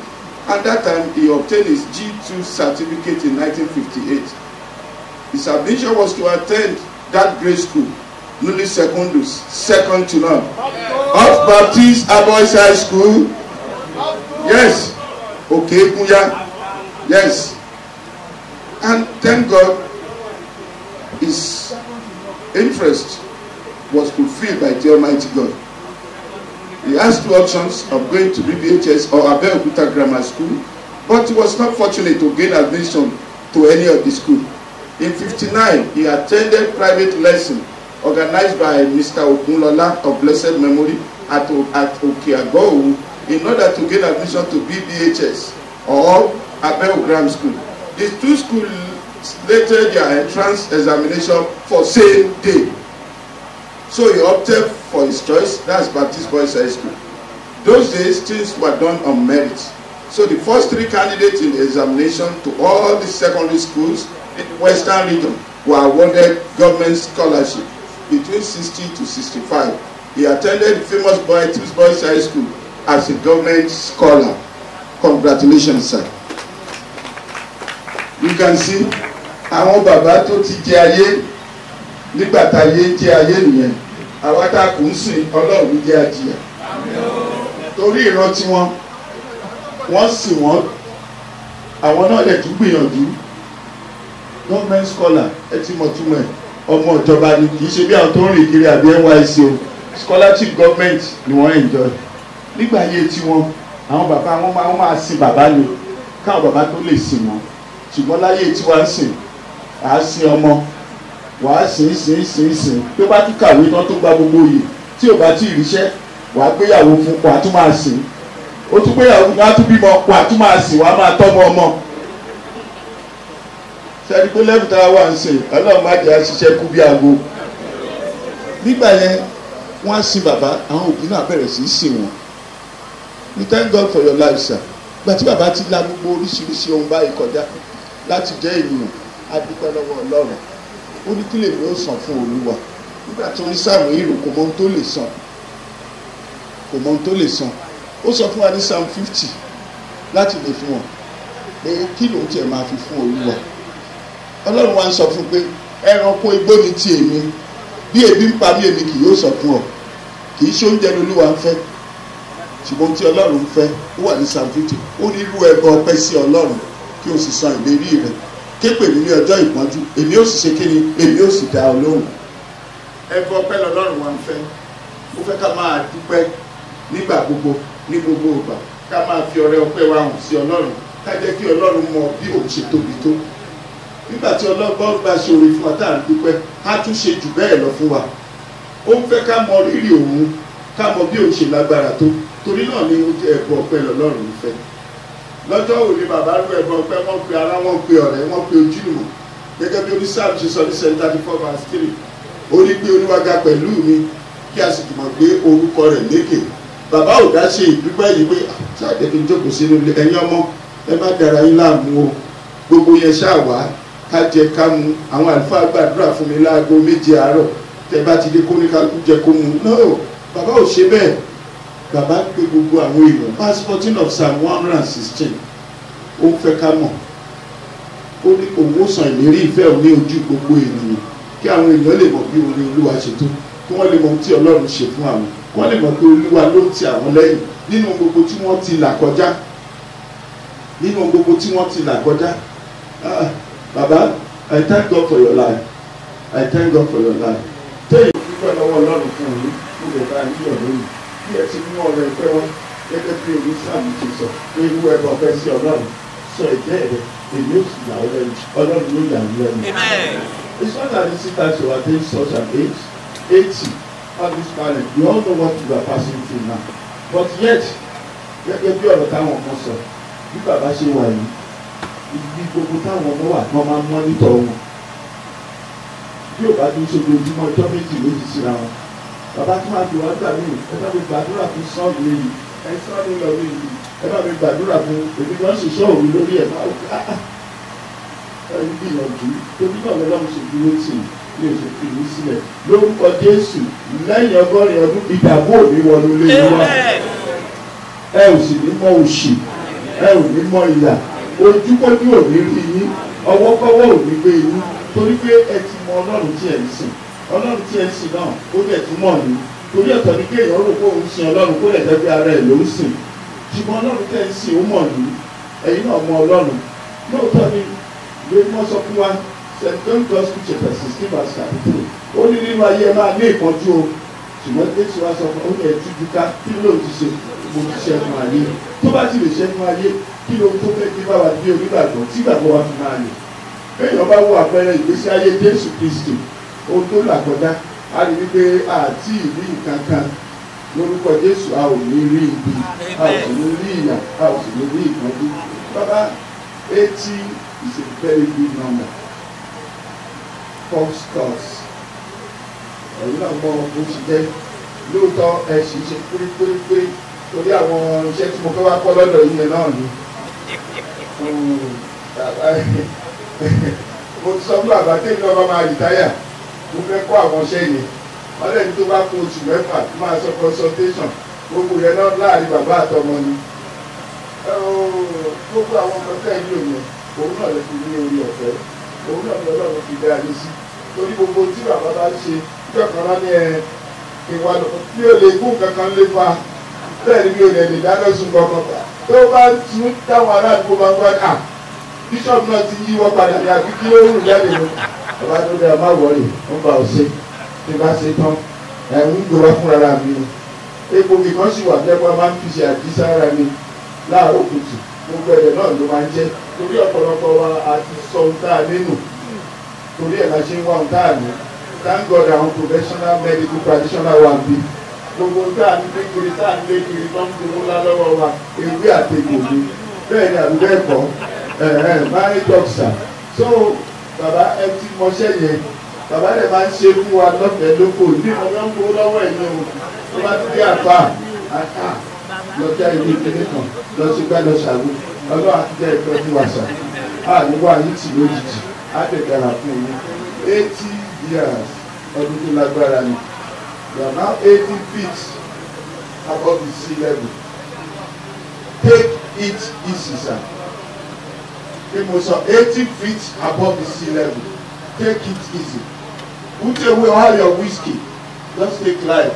At that time, he obtained his G2 certificate in 1958. His ambition was to attend that grade school newly secondus second to none Hot Baptist Aboys High School yes Okay, Okekunya yes and thank God his interest was fulfilled by the Almighty God he has two options of going to BBHS or Abeokuta Grammar School but he was not fortunate to gain admission to any of the school in '59, he attended private lessons organized by Mr. Ogunlola of blessed memory at, at Okeagbowu in order to gain admission to BBHS or Abel Graham School. The two schools later their entrance examination for same day. So he opted for his choice, that's Baptist Boys High School. Those days, things were done on merit. So the first three candidates in the examination to all the secondary schools in the western region were awarded government scholarship between 60 to 65. He attended famous Boys, Boys High School as a government scholar. Congratulations, sir. You can see àwọn bàbá tó ti jẹ ayé nígbà tá ayé jẹ ayé nìyẹn àwa tá a kù ń sìn Ọlọ́run jẹ́ ajìyà torí ìran tiwọn wọ́n sì wọ́n àwọn náà lè tún gbìyànjú government scholar ẹ ti mọ̀ ẹ̀ ọmọ ìjọba ni kì í ṣe bí àwọn tó ń rìn kiri àbí NYSC o scholarship government ni wọ́n enjoy nígbà ayé tiwọn àwọn bàbá wọn máa wọn máa sin bàbá ni káwọn bàbá tó lè sìn wọn ṣùgbọ́n láyé tiwa ń sìn à á sin ọmọ wàá sìn sìn sìn sìn tó bá tún kàwé tán tó gba gbogbo yìí tí ò bá tí ì ríṣẹ́ wàá gbéyàwó fún wàá tún máa sìn ó tún gbéyàwó fún wàá tún bímọ wàá tún máa sìn wàá máa tọ́mọ ọmọ sẹ́ni pé lẹ́bù tá a wà ń sè ọlọ́run má jẹ́ àṣìṣe kú bí aago nígbà yẹn wọ́n á sin bàbá àwọn òbí náà bẹ̀rẹ̀ sí í sìn wọ́n ní thank God for your life sir gbà tí bàbá ti la gbogbo oríṣiríṣi ohun báyìí kọjá láti jẹ́ ènìyàn á dúpẹ́ lọ́wọ́ ọlọ́run ó ní kí lèmi ó sàn fún olúwa nígbà tó ní sáàmù ìrù kò mọ ohun tó lè san kò mọ ohun tó lè san ó sọ fún wa ní psalm fifty láti lè fún wọn pé kí lòun tiẹ̀ máa fi fún olúwa. Yeah ọlọ́run wa ń sọ fún pé ẹranko igbó ni ti èmi bí ebi ń pa mí èmi kì yóò sọ fún ọ kì í ṣe oúnjẹ lolúwa ń fẹ́ ṣùgbọ́n tí ọlọ́run ń fẹ́ ó wà ní psalm fifty ó ní irú ẹbọ ọpẹ́ sí ọlọ́run kí o sì san ìlérí rẹ képe mi ní ọjọ́ ìpọ́njú èmi ó sì ṣe kíni èmi ó sì dá ọ lóhùn ẹbọ ọpẹ́ lọ́lọ́run wa ń fẹ́ ó fẹ́ ká máa dúpẹ́ nígbà gbogbo ní gbogbo ìgbà ká máa fi ọrẹ ọpẹ́ wa hàn sí ọlọ́run ká jẹ́ kí ọlọ́run mọ bí òun ṣe tóbi tó nígbà tí ọlọ́gbọ́n gba ṣòro fún wa tá à ń dúpẹ́ á tún ṣe jù bẹ́ẹ̀ lọ fún wa ó ń fẹ́ ká mọ rírì òun ká mọ bí òun ṣe lágbára tó torí náà ni ó jẹ́ ẹ̀bùn ọpẹ́ lọ́lọ́run ìfẹ́ lọ́jọ́ òní bàbá rú ẹ̀bùn ọpẹ́ wọ́n pe ara wọ́n pe ọ̀rẹ́ wọ́n pe ojúlùmọ̀ gẹ́gẹ́ bí onísáàmù ṣe sọ ní sẹ́ńtà thirty four verse three ó ní pé Olúwa ga pẹ̀lú mi kí a sì mọ̀ pé orúkọ rẹ̀ lékè bàbá ò dá ṣe ìdúpẹ́ yìí pé ṣàdédé jókòó sínú ẹ̀yin ọmọ ẹ má dára yín láàmú o gbogbo yẹn ṣáà wá ká jẹ ká mu àwọn àlùfáà gbàdúrà fún mi láago méje àárọ̀ tẹ bá ti dé kóníkálukú jẹ kó mu no bàbá ò ṣe bẹ́ẹ̀ bàbá pé gbogbo àwọn èèyàn verse fourteen of psalm one hundred and sixteen ó ń fẹ́ ká mọ̀ ó ní òun ó sàn ìlérí ìfẹ́ òun ní ojú gbogbo ènìyàn kí àwọn èèyàn lè mọ̀ bí orí olúwa ṣe tó kí wọ́n lè mọ̀ ohun tí ọlọ́run ṣe fún àwọn kí wọ́n lè mọ̀ pé olúwa ló ń ti àwọn lẹ́yìn nínú gbogbo tí wọ́n ti là kọjá nínú gbogbo tí wọ́n ti là kọjá ah, Baba, I thank God for your life. I thank God for your life. Téyì dúpẹ́ lọ́wọ́ Ọlọ́run fún yín fún bàbá yín ọ̀lọ́yìn. Bí ẹ ti mú ọrẹ ìfẹ́ wá gẹ́gẹ́ bí èmi sáàmù ti sọ pé irú ẹbọ fẹ́ sí Ọlọ́run sọ ìjẹ́ rẹ̀ èmi ò sì yà ọ́ lẹ́nu Ọlọ́run ló yà ọ́ lẹ́nu. It's not that the sisters who are doing such an age eighty all this talent. we all know what we are passing through now but yet gẹ́gẹ́ bí ọ̀rọ̀ táwọn kan sọ bí bàbá ṣe wà yìí ibi gbogbo táwọn ọmọ wà kí wọ́n máa mọ́nítọ̀ wọn bí ò bá ní ṣojoojúmọ́ ọjọ́ méjì ló ti síra wọn bàbá tí máa fi wá gbà mí ẹ bá mi gbàdúrà fún sọ́ọ̀lù èyí ẹ sọ́ọ̀lù lọ mí yìí ẹ bá mi gbàdúrà fún èmi náà ṣiṣẹ́ òru lórí ẹ̀ máa wá ah, ah. ẹ ń gbìyànjú torí náà lọ́lọ́run ṣe dúró tì í lè ṣe fi mí sílẹ̀ lórúkọ Jésù lẹ́yìn ọgọ́rin ọdún ìdààmú òní wọnú lé wa ẹ ò sì ní mọ òṣì ẹ ò ní mọ ìyà ojúkójú ò ní rí yín ọwọ́kọ́wọ́ ò ní gbé yín torí pé ẹ ti mọ ọlọ́run tí ẹ ń sìn ọlọ́run tí ẹ ń sìn náà ó dẹ̀ tún mọ̀ ní torí ẹ̀tọ́ ni kéèyàn rò pé òun sin ọlọ́run kó lè jẹ́ bí ara ẹ̀ ló ń sìn ṣùgbọ́n ọlọ́run tẹ̀ ń sìn ó mọ̀ ní ẹ̀yin náà mọ ọlọ́run lóòótọ́ ni lè mọ́ sọ fún wa st john gospel chapter sixteen verse thirty three ó ní nínú ayé ẹ máa ní ìpọ́njú o ṣùgbọ́n jésù wa sọ fún ọ mo ti ṣẹ́gun ayé tó bá sì lè ṣẹ́gun ayé kí ló tó fẹ́ kí bá wa gbé onígbàgbọ́ tí ìgbàgbọ́ wa fi máa lè kéèyàn bá wo àpẹẹrẹ ìgbésí ayé Jésù Kristi ohun tó là kọjá a lè wípé àti ìlú nǹkan kan lórúkọ Jésù a ò ní rí ibi a ò sì ní rí ìyà a ò sì ní rí ìpọ́njú bàbá eighty is a very big number false thoughts ẹ̀yin náà mọ bó ti jẹ́ lóòótọ́ ẹ̀ sì ṣe pérépérépéré torí àwọn iṣẹ́ tí mo fẹ́ wá kọ́ lọ́dọ̀ yìí yẹn náà ni hmm, [LAUGHS] mo ti sọ fún bàbá tèmi náà bá máa rìtáyà mo fẹ́ kọ́ àwọn iṣẹ́ yẹn wọ́n lẹ́ni tó bá kó oṣù mẹ́fà tó máa sọ consultation gbogbo yẹn náà láàrin bàbá àtọmọ ni gbogbo àwọn ọmọ tẹ́ ìlú yẹn òun náà lè fi ní orí ọ̀fẹ́ òun náà lè lọ́wọ́ fi dá ayé sí torí gbogbo tí bàbá bá ṣe ìjọba rán ní ẹ ìwà lọ tí ó lè gún kankan lépa bẹ́ẹ̀ ni mi ò lè lè kankan pa tó bá tún táwọn aráàlú máa ń gbọ́ à bíṣọ̀bù náà ti yíwọ́ padà ní àbí kí ló rùn jáde lọ. bàbá tó dáa má wọlé ń bá ọ ṣe tí bá ṣe tán ẹ̀ ń gbọ́ra fúnra mi ni epo mi kan sì wà jẹ́pọ̀ máa ń fi ṣe àdísára mi láàárọ̀ kùtù gbogbo ẹ̀rẹ̀ náà ló máa ń jẹ́ torí ọ̀pọ̀lọpọ̀ wa àti sọ ohun tá a nínú torí ẹ̀ la ṣe ń wá ohun tá a ní thank God àwọn professional medical practitioner wa bíi gbogbo tá à ń gbé kiri tá à ń gbé kiri tó ń gbowó lá lọ́wọ́ wa ewé àtẹ̀kò ni bẹ́ẹ̀ ni àdúgbò ẹ̀kọ́ marriage doctor so bàbá ẹ ti mọṣẹ́ yẹn bàbá rẹ̀ máa ń ṣe fún wa lọ́fẹ̀ẹ́ lóko ní ọjọ́ ń gbowó lọ́wọ́ ẹ̀ yẹn o tó bá ti dé àpá àká lọ́jà ilé ìpínlẹ̀ kan lọ́sígbà lọ́sàgbó ọlọ́run àti jẹ́ ìtọ́jú wa sàn àníwá yìí ti lójijì á dẹ̀ dára fún yín eighty years ọdún tó lágbára ni. We are now 80 feet above the sea level. Take it easy, sir. Pé mo sọ 80 feet above the sea level. Take it easy. Put away all your whiskey. Just take life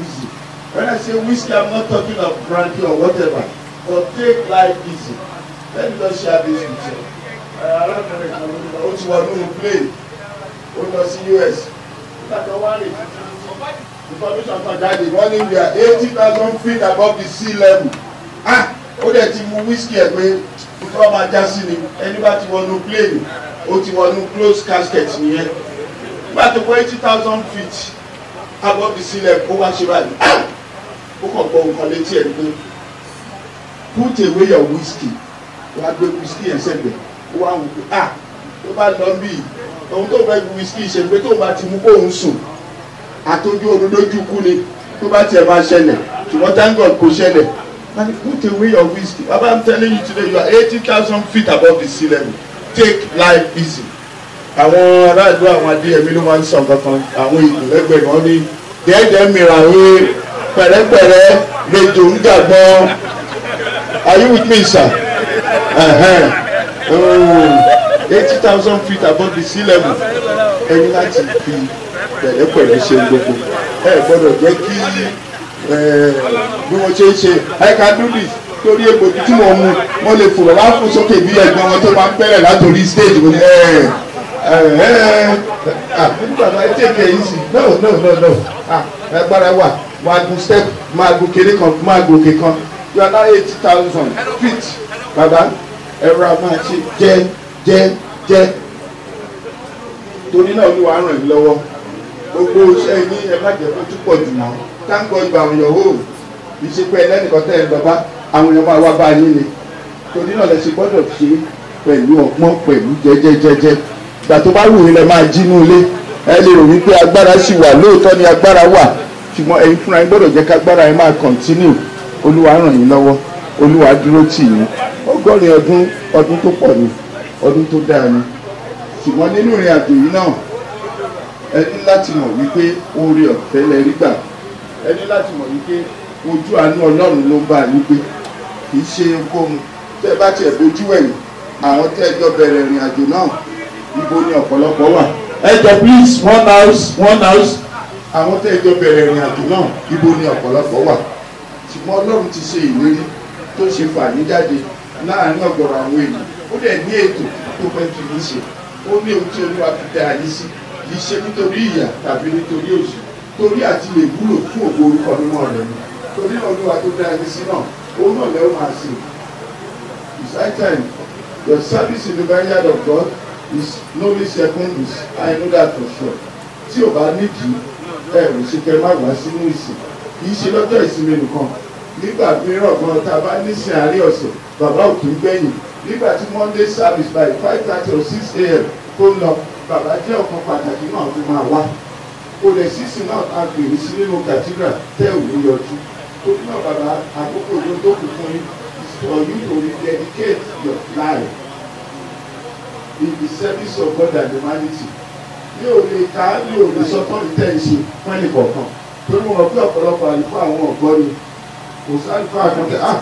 easy. When I say whiskey, I'm not talking of brandy or whatever. But take life easy. Let me just share this with you. Arábìnrin kan ó ti wọnú plane. Ó lọ sí US. Nígbà tó wá rè é information kan jáde wọ́n ní we are eighty thousand feet above the sea level ah ó dẹ̀ ti mu whisky ẹ̀ pé ìfọ́ máa já sí ni ẹni bá ti wọnú plane ó ti wọnú close casket nìyẹn nígbà tó kọ́ eighty thousand feet above the sea level ó wá ṣe báyìí ah ó kàn gbọ́ nǹkan létí ẹ̀ pé put away your whisky wà á gbé whisky yẹn sẹ́gbẹ̀ẹ́ ó wá wù pé ah tó bá lọ bí ohun tó fẹ́ whisky ṣe pé tó bá ti mú kóun sùn àtọ́jú oorun lójú kú ni tó bá tiẹ̀ máa ṣẹlẹ̀ ṣùgbọ́n thank God kò ṣẹlẹ̀ put away your wisdom baba i'm telling you today you are eighty thousand feet above the sea level take life easy. àwọn aráàlú àwọn adéyẹmí ló máa ń sàn kankan àwọn ìgbẹ́gbẹ́ wọn ní dẹ́ẹ̀dẹ́ mìíràn wé pẹ̀rẹ́pẹ̀rẹ́ lejò ń gbàgbọ́ are you with me sir? Uh-huh. oh, eighty thousand feet above the sea level ẹni láti fi pẹ̀lẹ́pẹ̀lẹ́ ṣe gbogbo ẹ gbọ́dọ̀ jẹ́ kí bí wọ́n ṣe ń ṣe I can do this torí egbò tí mo mu mo lè fò wá fún sókè bí ẹ̀gbọ́n wọn tó máa ń bẹ̀rẹ̀ látòrí stage wọn ẹ ẹ ẹ take it easy no no no no agbára wà máa gun step máa gun kéré kan máa gòkè kan you are now eighty thousand feet baba ẹ̀rọ a máa ṣe jẹ́ jẹ́ jẹ́ torí náà olúwa ràn yín lọ́wọ́ gbogbo iṣẹ́ yín ẹ má jẹ́ fojú pọ̀ jù mọ́ thank God by your home ìṣepẹ́ ẹlẹ́nìkan tẹ́ ẹ lọ́ba àwọn èèyàn máa wá bá yín ni torí náà lẹ ṣe gbọ́dọ̀ ṣe pẹ̀lú ọgbọ́n pẹ̀lú jẹ́jẹ́jẹ́jẹ́ ìgbà tó bá wù yín lẹ máa jí inú ilé ẹ lè rò wípé agbára sì wà lóòótọ́ ni agbára wà ṣùgbọ́n ẹ̀yin fúnra yín gbọ́dọ̀ jẹ́ kágbára yín máa continue olúwa ràn yín lọ́wọ́ olúwa dúró tì yín ọgọ́rin ọdún ọdún tó pọ̀ ni ọdún tó dáa ni ṣùgbọ́n nínú ìrìn àjò yìí náà ẹ láti mọ̀ wípé oore ọ̀fẹ́ lẹ rí gbà ẹ láti mọ̀ wípé ojú àánú ọlọ́run ló ń bá yín gbé kì í ṣe ohunkóhun tẹ́ bá tiẹ̀ bójú ẹ̀yìn àwọn tẹ́ ẹ bẹ̀rẹ̀ ìrìn àjò náà ibo ni ọ̀pọ̀lọpọ̀ wà ẹ jọ please one house one house àwọn tẹ́ ẹ bẹ̀rẹ̀ ìrìn àjò náà ibo ni ọ̀pọ̀lọpọ̀ wà ṣùgbọ́n ọlọ́run ti ṣe ìlérí tó ṣe fà yín jáde láàrin ọ̀gọ̀rọ̀ àwọn èèyàn ó dẹ̀ ní ètò tó fẹ́ kì í ṣe ó ní ohun tí olúwa fi dá yín sí kì í ṣe nítorí ìyà tàbí nítorí òṣì torí àti lè wúlò fún ògo orúkọ mímọ́ rẹ̀ ni torí olúwa tó dá ẹni sí náà òun náà lẹ́wọ̀n máa sìn it's high time your service in the vineyard of God is nobly secondary I know that for sure tí o bá nídìí ẹ ò ṣe kẹ má wá sínú ìsìn kì í ṣe lọ́jọ́ ìsinmi nìkan nígbà mìíràn gan tá a bá nísìn àárín ọ̀sẹ̀ bàbá ò kì í gbẹ̀yìn nígbà tí Monday service by five thirty or six a.m. tó lọ bàbá jẹ́ ọ̀kan pàtàkì náà fi máa wá olè sísìn náà a gbèrè sí nínú kàtígà tẹ́ òun yọjú torí náà bàbá àkókò ló tó kù fún yín for you to rededicate your life in the service of God and humanity mi ò lè ká mi ò lè sọ fún ìtẹ́ ìṣe fún ẹnìkọ̀ọ̀kan torí wọn bí ọ̀pọ̀lọpọ̀ àlùfáà àwọn ọ̀gbọ́n ni kò sálùfáà kan tẹ ah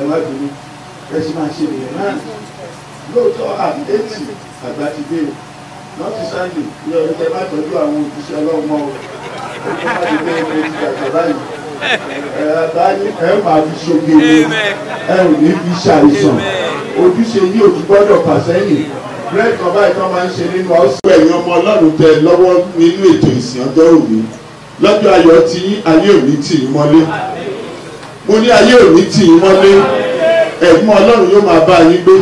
ẹ má bínú ẹ sì máa ṣe nìyẹn náà lóòótọ́ àti eighty àgbà ti dé o lọ́ọ̀tì sáyìn ní ọdún tẹ bá tọ́jú àwọn òṣìṣẹ́ ọlọ́mọ o ó kọ́ láti dé ẹgbẹ́ ti dàgbà báyìí ẹ̀ẹ́dá ẹ̀ máa fi ṣoge ẹ ò ní fi ṣàìsàn ojúṣe yìí ò ti gbọ́dọ̀ fà sẹ́yìn bẹ́ẹ̀ kan báyìí tó máa ń ṣe nínú ọ̀sùn ẹ̀yìn ọmọ ọlọ́run tẹ lọ́wọ́ nínú ètò ìsìn ọjọ́ òní lọ́jọ́ ayọ̀ tí ayé òní tì í mọ́lé mo ní ayé òní tì í mọ́lé ẹ̀gbọ́n ọlọ́run yóò máa bá yín gbé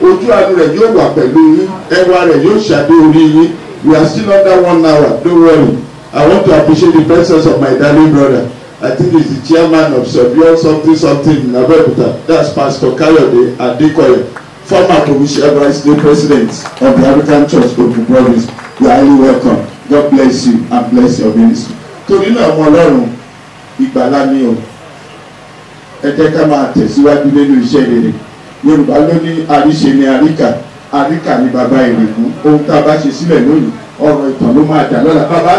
ojú àánú rẹ̀ yóò wà pẹ̀lú yín ẹwà rẹ̀ yóò ṣàdé orí yín we are still under one hour don't worry i want to appreciate the presence of my darling brother i think he's the chairman of surveyor something something in abeokuta that's pastor kayode adekoye former commission vice day president of the african church of the province you are highly welcome god bless you and bless your ministry. torí náà ọmọ ọlọ́run ìgbàlá ni o ẹ jẹ́ ká máa tẹ̀síwájú nínú iṣẹ́ rere yorùbá ló ní àríṣe ni àríkà àríkà ni bàbá ìrìnkú ohun tá a bá ṣe sílẹ̀ lónìí ọ̀rọ̀ ìtàn ló máa jà lọ́la bàbá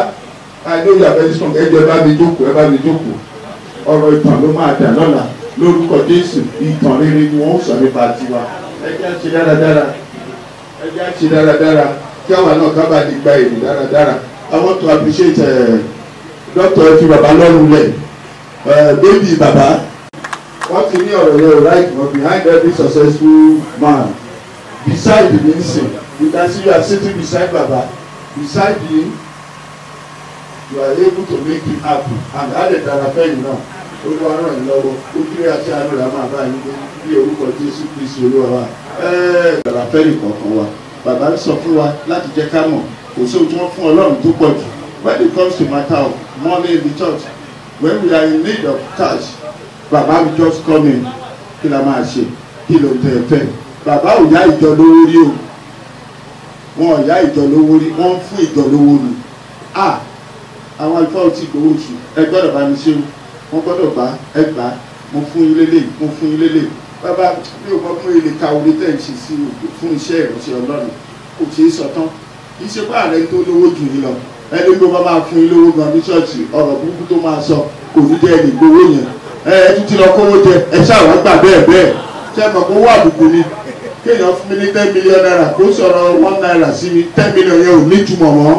I know ẹjọ́ ẹ bá mi jókòó ẹ bá mi jókòó ọ̀rọ̀ ìtàn ló máa jà lọ́la lórúkọ jésù ìtàn rere ni wọ́n sọ nípa tiwa ẹ jẹ́ dáradára ẹ jẹ́ dáradára kí àwọn náà ká bá di gba èrè dáradára I want to appreciate uh, Dr. efi baba lọ́rùn lẹ̀ bébì baba wọ́n ti ní ọ̀rọ̀ yẹn right now behind every successful man beside the nation you can see you are sitting beside baba beside him you are able to make it happen and how the tarafe you now olúwa ràn yín lọ́wọ́ ó kéré àti àdúrà máa bá yín dé bí orúkọ jésù kristu olúwa wa tarafe nìkankan wa bàbá ń sọ fún wa láti jẹ́ ká mọ̀ kò sí ohun tí wọ́n fún ọlọ́run tó pọ̀ jù when it comes to matter of money in the church when we are in need of cash bàbá mi just come in kí la máa ṣe kí ló tẹ̀ fẹ́ bàbá ò yá ìjọ lówó rí o wọn ò yá ìjọ lówó rí wọn ń fún ìjọ lówó ni a àwọn àlùfáà ò tí gbowó oṣù ẹ gbọ́dọ̀ bá mi ṣe o wọ́n gbọ́dọ̀ bá ẹ gbà á mo fún yín lélẹ̀ mo fún yín lélẹ̀ bàbá mi ò mọ̀ fún ilé ka orí tẹ̀ ń ṣe sí òkè fún iṣẹ́ ìránṣẹ́ ọlọ́run kò ṣeé sọ tán kì í ṣe pé ààrẹ tó lówó jù yín lọ ẹni tó bá máa fún yín lówó gan ní ṣọ́ọ̀ṣì ọ̀rọ̀ burúkú tó máa sọ kò ní jẹ́ ẹnì gbowó yẹn ẹ ẹ tún ti lọ kówó jẹ ẹ ṣàwọn gbà bẹ́ẹ̀ bẹ́ẹ̀ ṣe mọ̀ kó wà àbùkù ni kéèyàn fún mi ní ten million naira kó sọ̀rọ̀ one naira sí mi ten million yẹn ò ní ìtumọ̀ mọ́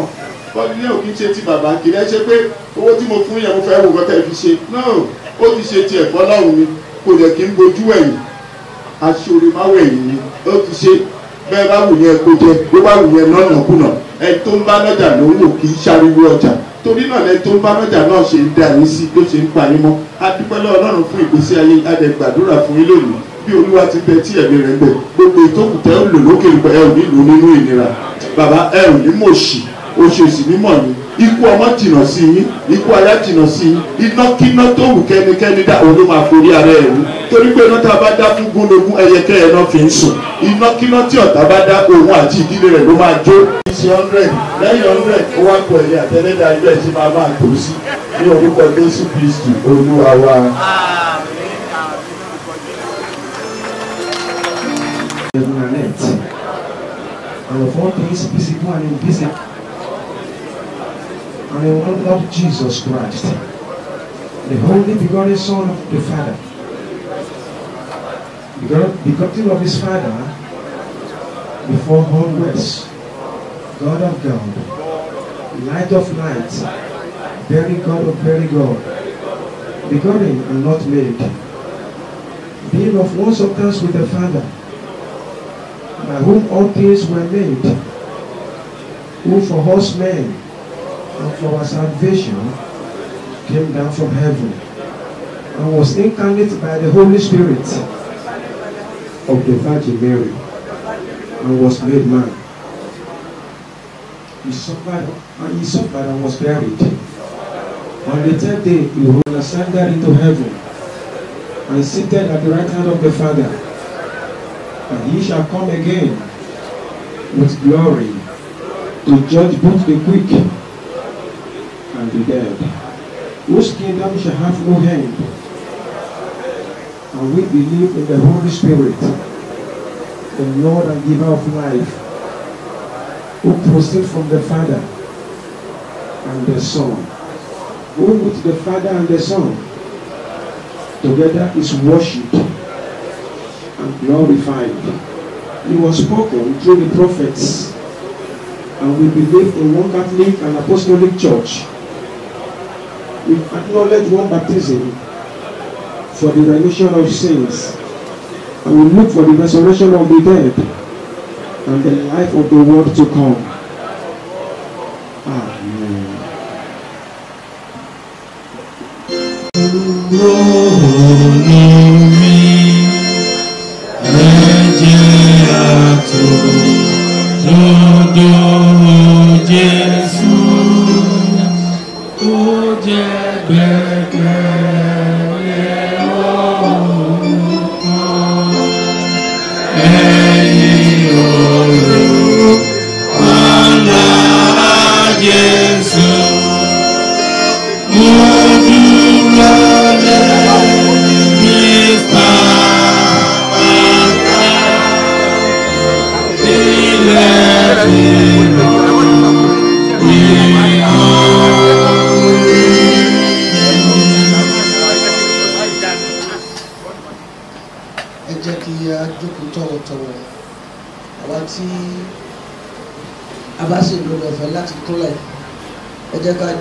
bọ́dún yẹn ò kí ń ṣe ti bàbá kìlẹ̀ ẹ ṣe pé owó tí mo fún yẹn mo fẹ́ wò kọ́tẹ́ fi ṣe náà ó ti ṣe tiẹ̀ fọ́lọ́run ni kò dẹ̀ kí ń bojú ẹ̀yìn aṣoremáwọ̀ ẹ̀yìn ni ó ti ṣe bẹ́ẹ̀ bá wù yẹn kó jẹ bó bá wù yẹn lọ́nà kùnà ẹ tó ń bá lọ́jà lówó kì í ṣariwo ọjà torí náà lẹ tó ń bá mẹ́ta náà ṣe ń dà yín sí ló ṣe ń pa yín mọ́ a dúpẹ́ lọ́wọ́ Ọlọ́run fún ìgbésí ayé adẹ̀gbàdúrà fún yín lónìí bí olúwa ti bẹ tí ẹ̀mí rẹ̀ ń bẹ gbogbo ìtòkùtẹ́ òlòlókè ń bẹ ẹ ò ní lò nínú ìnira bàbá ẹ ò mọ̀ ṣì òṣèṣì mímọ̀ ni ikú ọmọ jìnnà sí yín ikú aya jìnnà sí yín iná kíná tó wù kẹ́nikẹ́ni dá òun ló máa forí ara ẹ̀ wú torí pé iná tá a bá dá fún gúnlógún ẹyẹkẹ́ ẹ̀ náà fi ń sùn iná kíná tí ọ̀tá bá dá òun àti ìdílé rẹ̀ ló máa jó. ìṣe hundred lẹ́yìn hundred ó wá pọ̀ ẹ̀yìn àtẹ̀lẹ́dà ilé ẹ̀ máa máa tó sí ní orúkọ Jésù Kristi Olúwa wa. on the four things and in the Lord Jesus Christ, the Holy begotten Son of the Father, begotten of his Father, before all worlds, God of God, light of light, very God of very God, begotten and not made, being of one substance with the Father, by whom all things were made, who for us men and for our salvation came down from heaven and was incarnated by the Holy Spirit of the Virgin Mary and was made man. He suffered and he suffered and was buried. On the third day he was ascended into heaven and seated at the right hand of the Father. And he shall come again with glory to judge both the quick and the dead, whose kingdom shall have no end. And we believe in the Holy Spirit, the Lord and giver of life, who proceeds from the Father and the Son. Who with the Father and the Son together is worshipped and glorified. It was spoken through the prophets, and we believe in one Catholic and Apostolic Church we acknowledge one baptism for the remission of sins, and we look for the resurrection of the dead and the life of the world to come. Ah. Oh Bethlehem.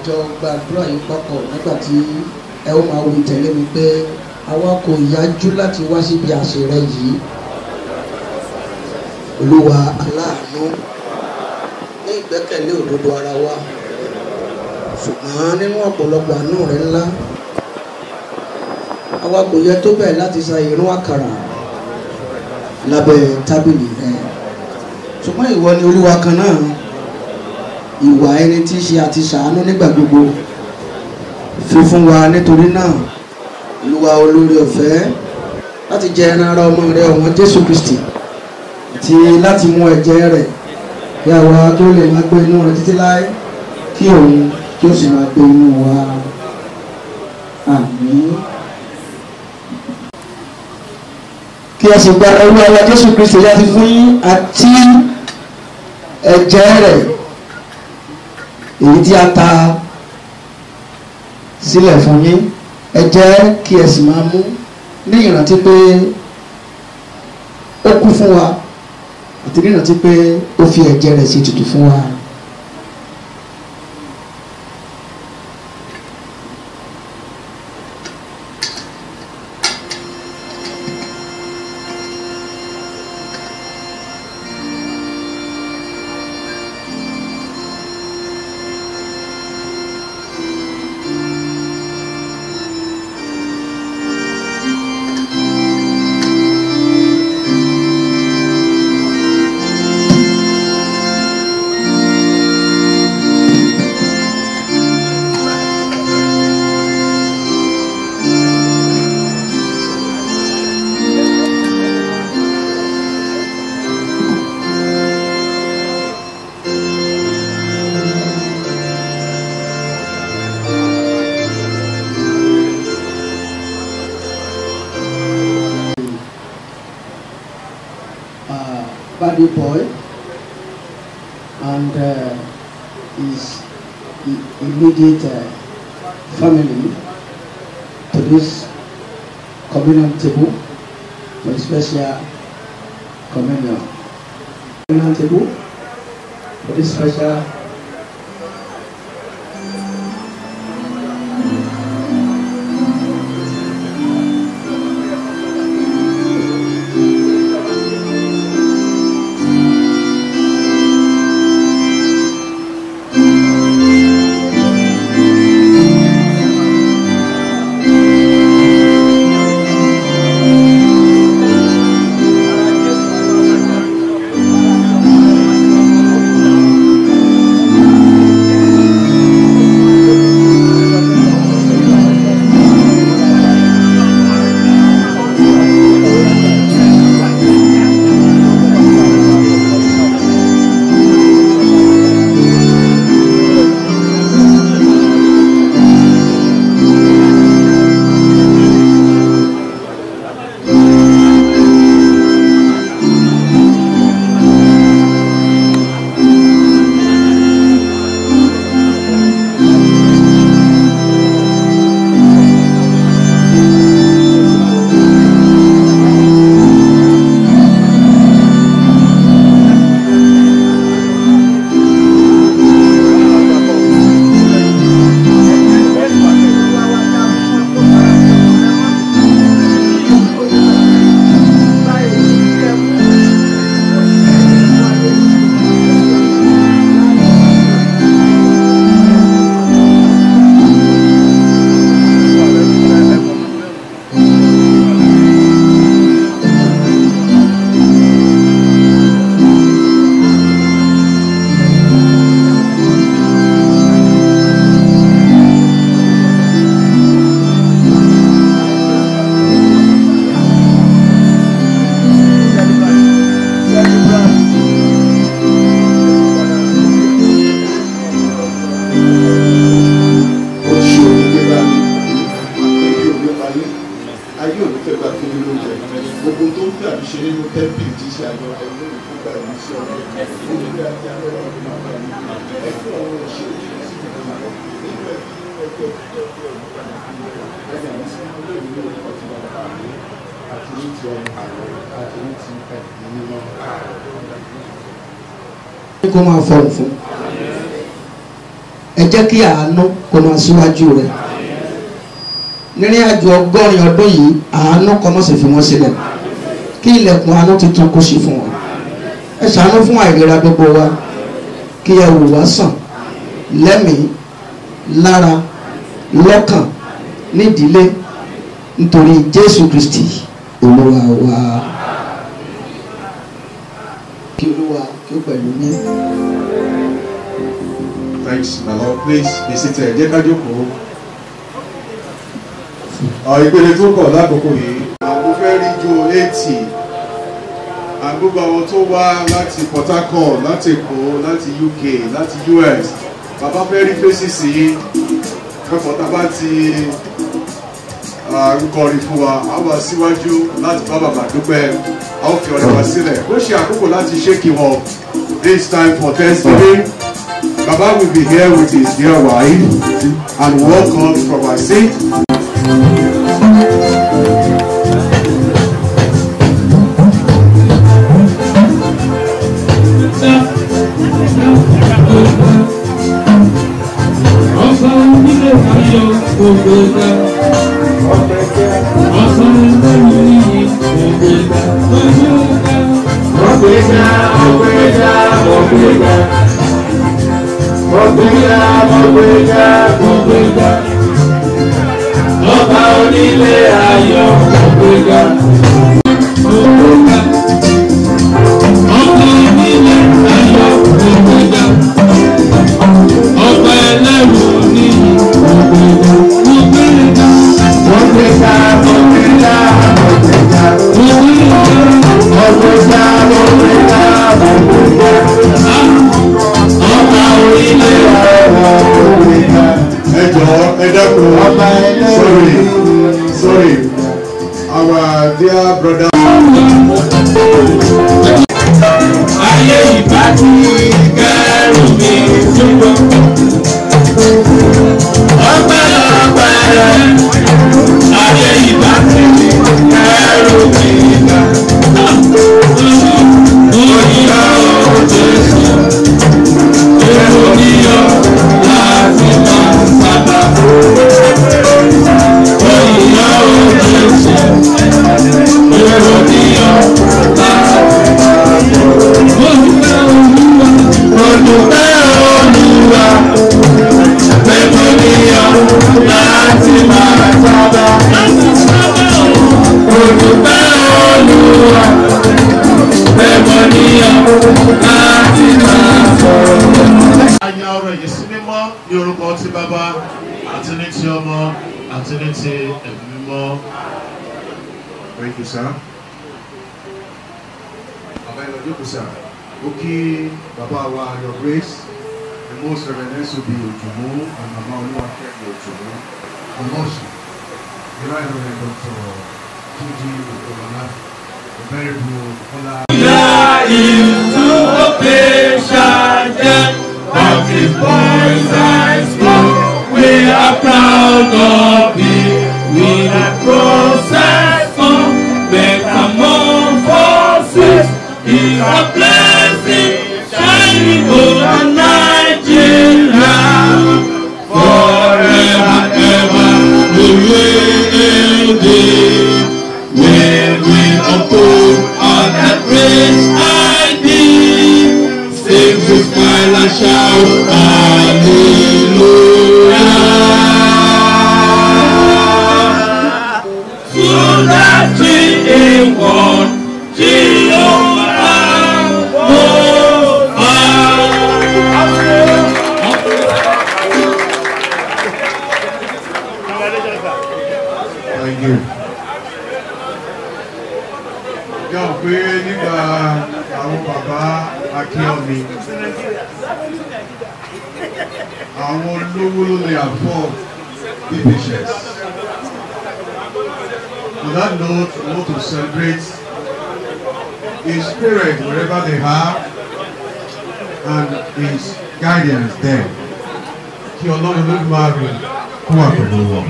àjọ gbàdúrà yìí papọ̀ nígbà tí ẹ ó máa wí tẹ̀lé mi pé àwa kò yájú láti wá síbi àṣẹrẹ yìí olúwa aláàánú ní ìgbẹ́kẹ̀lé òdodo ara wa ṣùgbọ́n nínú ọ̀pọ̀lọpọ̀ àánú rẹ ńlá àwa kò yẹ tó bẹ́ẹ̀ láti sa ìrun àkàrà lábẹ́ tábìlì rẹ ṣùgbọ́n ìwọ ni olúwa kan náà ìwà ẹni tí í ṣe àti ṣàánú nígbà gbogbo fi fún wa nítorí náà olúwa olórí ọ̀fẹ́ láti jẹ ẹran ara ọmọ rẹ ọ̀wọ́n jésù kristi àti láti mú ẹ̀jẹ̀ rẹ̀ kí àwa tó lè máa gbé inú rẹ títí láé kí òun kí ó sì máa gbé inú wa àmín. kí ẹ sì gba olúwa jésù kristi láti fún yín àti ẹ̀jẹ̀ rẹ̀ èyí tí a ta sílẹ̀ fún yín ẹ jẹ́ kí ẹ sì máa mú ní ìrántí pé ó kú fún wa àti ní ìrántí pé ó fi ẹ̀jẹ̀ rẹ̀ ṣe ètùtù fún wa. Abu boy, and uh, his immediate uh, family to this communion table for special communion. Communion table for this special kó máa fọ̀rọ̀ fún ẹ jẹ́ kí àánú kó máa síwájú rẹ̀ nírìn àjò ọgọ́rin ọdún yìí àánú kọ́ mọ̀sẹ̀ fi wọ́n sílẹ̀ kí ilẹ̀kùn àánú tuntun kó ṣí fún wọn ẹ ṣàánú fún àìlera gbogbo wa kí ẹ wò wá sàn lẹ́mìí lára lọ́kàn nídìílé nítorí Jésù Kristi Olúwa wa kí Olúwa kí ó pẹ̀lú ní. Thanks, my lord. Please be seated. Jẹ́ ká jókòó. Ìpele tó kọ̀ lákòókò yìí. Àwọn fẹ́ rí ju eighty and gbogbo àwọn tó wá láti Port Harcourt láti Èkó láti UK láti US bàbá fẹ́ rí fèsì sí kẹ́kọ̀ọ́ tá a bá ti kọrin fún wa a wà síwájú láti bá bàbá dúpẹ́ a ó fi ọ̀rẹ́ wa sílẹ̀ ó ṣe àkókò láti ṣé kí wọn this time for Thanksgiving. Baba will be here with his dear wife and welcome from our seat. gbéga mo gbéga ọba onílé ayọ̀ mo ṣùgbọ́n promotion irú ẹ̀rọ rẹ̀ dr jíjí òkòlọ́lá ọ̀bẹ̀rẹ̀bù kọ́lá. ìyá ìlú òpè ṣàjẹ́ of the boys high school we are proud of it shout people who the patients. On that note, I want to celebrate his spirit wherever they are and his guidance there. Kí Ọlọ́run Olódùmarè kó wà pẹ̀lú wọn.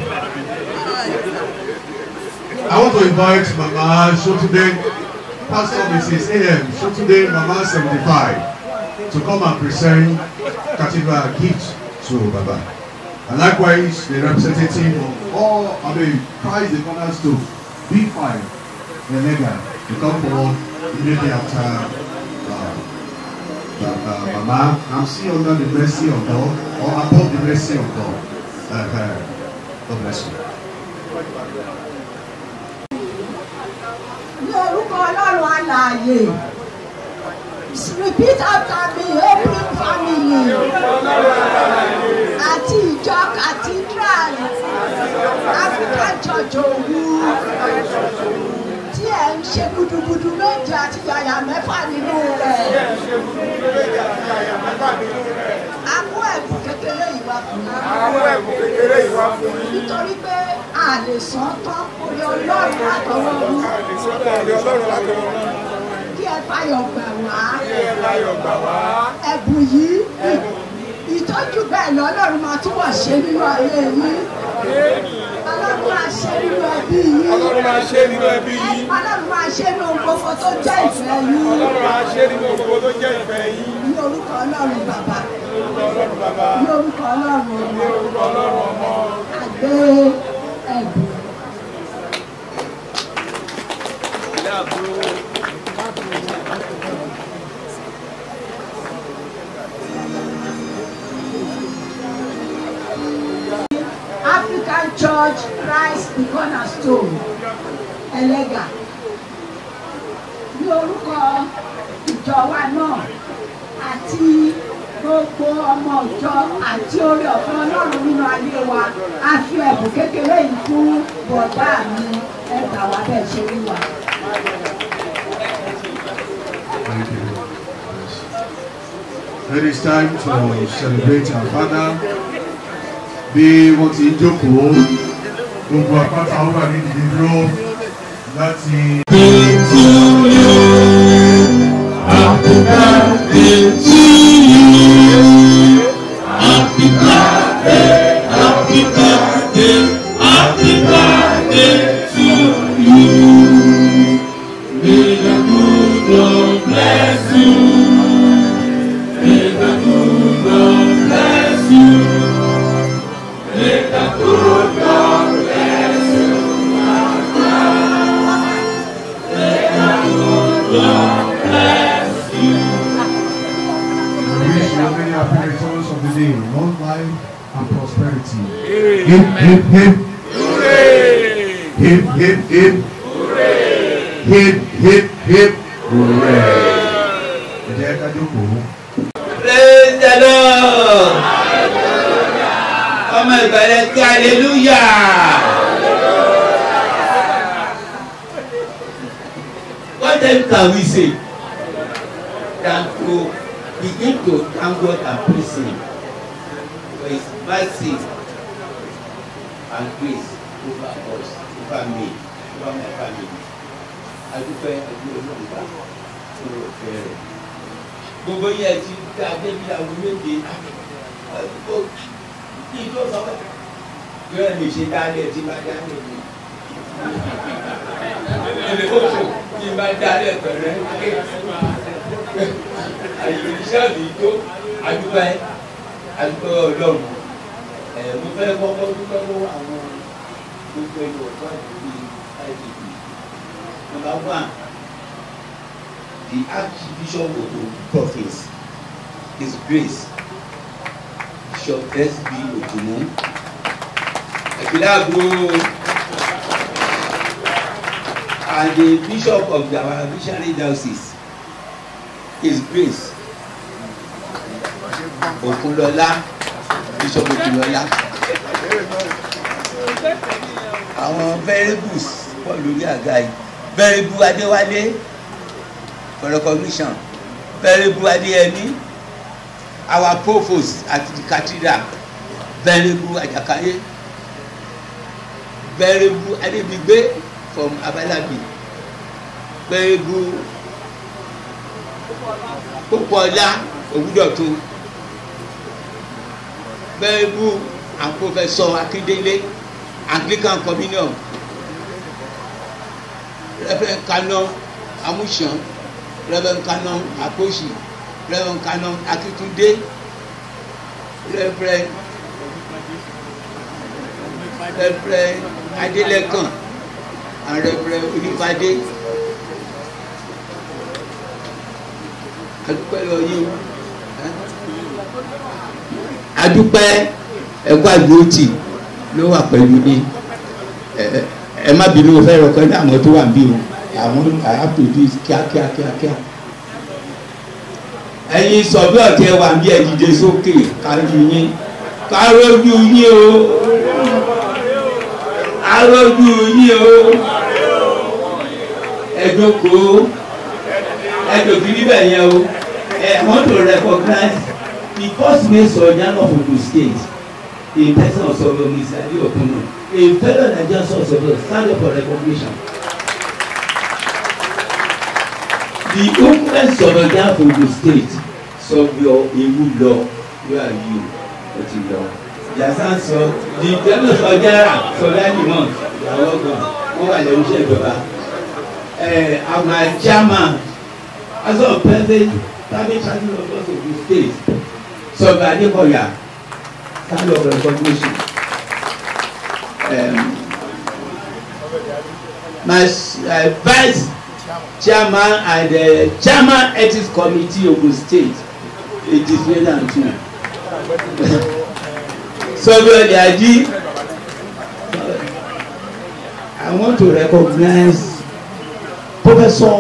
I want to invite Mama today, Pastor Mrs. A.M. today, Mama 75, to come and present Kativa gift to Baba. And likewise, the representative of all, I mean, Christ the cornerstone, B5, the leader, to come forward immediately after uh, uh, uh, Mama. I'm still under the mercy of God, or above the mercy of God. Uh, uh, God bless you. ní orúkọ ọlọ́run alààyè repeat after me every family àti ìjọ cathedral Africa Church Òwu tí ẹ̀ ń ṣe gudugudu méje àti yàyà mẹ́fà nínú rẹ̀. a mú ẹ̀bùn kékeré yìí wá fún yín. a mú ẹ̀bùn kékeré yìí wá fún yín. nítorí pé a lè sọ tán orí ọlọ́run látọwọ́ wú. a sọ tán orí ọlọ́run látọwọ́ wú. kí ẹ fàyọ̀ gbà wá. kí ẹ fàyọ̀ gbà wá. ẹ̀bùn yìí. ẹ̀bùn ìtọ́jú bẹ́ẹ̀ lọ́lọ́run máa túbọ̀ ṣe nínú ayé yín ọlọ́run máa ṣe nínú ẹbí yín ọlọ́run máa ṣe nínú ẹbí tó jẹ́ ìfẹ́ yín ọlọ́run máa ṣe nínú gbogbo tó jẹ́ ìfẹ́ yín ní orúkọ ọlọ́run bàbá ní orúkọ ọlọ́run bàbá ní orúkọ ọlọ́run ọmọ àgbé ẹ̀bùn. African Church Christ the Cornerstone Ẹlẹ́gà ní orúkọ ìjọ wa náà àti gbogbo ọmọ ìjọ àti orí ọ̀fẹ́ ọlọ́run nínú ayé wa a fi ẹ̀bùn kékeré yìí fún bọ̀dá mi ẹ̀bà wa bẹ́ẹ̀ ṣe rí wa. It is time to celebrate our father bí wọ́n ti ń jókòó gbogbo àpáta ó wà ní ìdílé dúró láti. Ètò yóò àbùkà hip, hip, hip. Hooray! Hip, hip, hip. Hooray! Hip, hip, hip. Hooray! Ẹ jẹ́ ká jókòó. Praise the Lord! Ọmọ ìbẹ̀rẹ̀ ti hallelujah! What else can we say? Than to begin to thank God and praise Him for His mercy and grace over us over me over my family adúpẹ́ ẹgbẹ́ olóògbà tó rò fẹ́ rẹ̀ gbogbo yẹn ti dá débi àwọn méje àdúgbò kí n sọ pé yóò lè ṣe dáadé tí bá dá mi ni èmi tí bá dáadé pẹ̀lú ẹ̀ àyè iṣẹ́ mi tó adúpẹ́ adúpẹ́ ọlọ́run mo fẹ́ kọ́kọ́ dúpẹ́ lọ́wọ́ àwọn gbogbo ẹ̀yọ̀ ọ̀tọ́ àdúgbò IPP number one the archbishop of Ogun province his grace bishop s b ogunmu ẹ̀pìlẹ̀ àbúrò and the bishop of the our missionary diocese is grace Ogunlọlá. Bishop Otunlola àwọn variables pọ̀ lórí àga yìí variable Adéwálé for recognition variable Adéyẹmí our provost at the cathedral variable Àjàkáyé variable Adébigbé from Abalabi variable Pópóọlá Ògúdọ̀tun. Venerable and Professor Akindele, Anglican Communion, Reverend Canon Amushan, Reverend Canon Akoshi, Reverend Canon Akitunde, Reverend Reverend Adelekan and Reverend Olufade. Adúpẹ́ lọ yín. adúpẹ́ ẹ̀kọ́ àdúrótì ló wà pẹ̀lú ẹ má bínú fẹ́ rọkọ ní àwọn tó wà bí o àwọn kíákíá kíákíá ẹ̀yin sọ̀bí wà sókè kájú yín kárójú yín o yín o níbẹ̀ o rẹ̀ The first male Surgeon of the State, in person of Sọ̀rọ̀ Mr. Ali Okuno, a fellow Nigerian Sọ̀rọ̀ stand up for recognition. The woman Surgeon of the State, Sọ̀rọ̀ Ewúlọ, where are you? Ó ti lọ. Yàtọ̀ sọ, the fellow Surgeon Sọ̀rọ̀ Àjùmọ̀, ìyàwó ọgbọ̀n, wọ́n wà lẹ́nu iṣẹ́ ìjọba. Àwọn eh, chairman, as of present, private channel of the State. Sọ̀gbà Adékọ̀yà táyọ̀ ọ̀rọ̀ ìfọdúnṣe. My uh, vice chairman and uh, chairman ethics committee Ogun State eighty three and two. Sọ̀gbà Adékọ̀yà I want to recognize Professor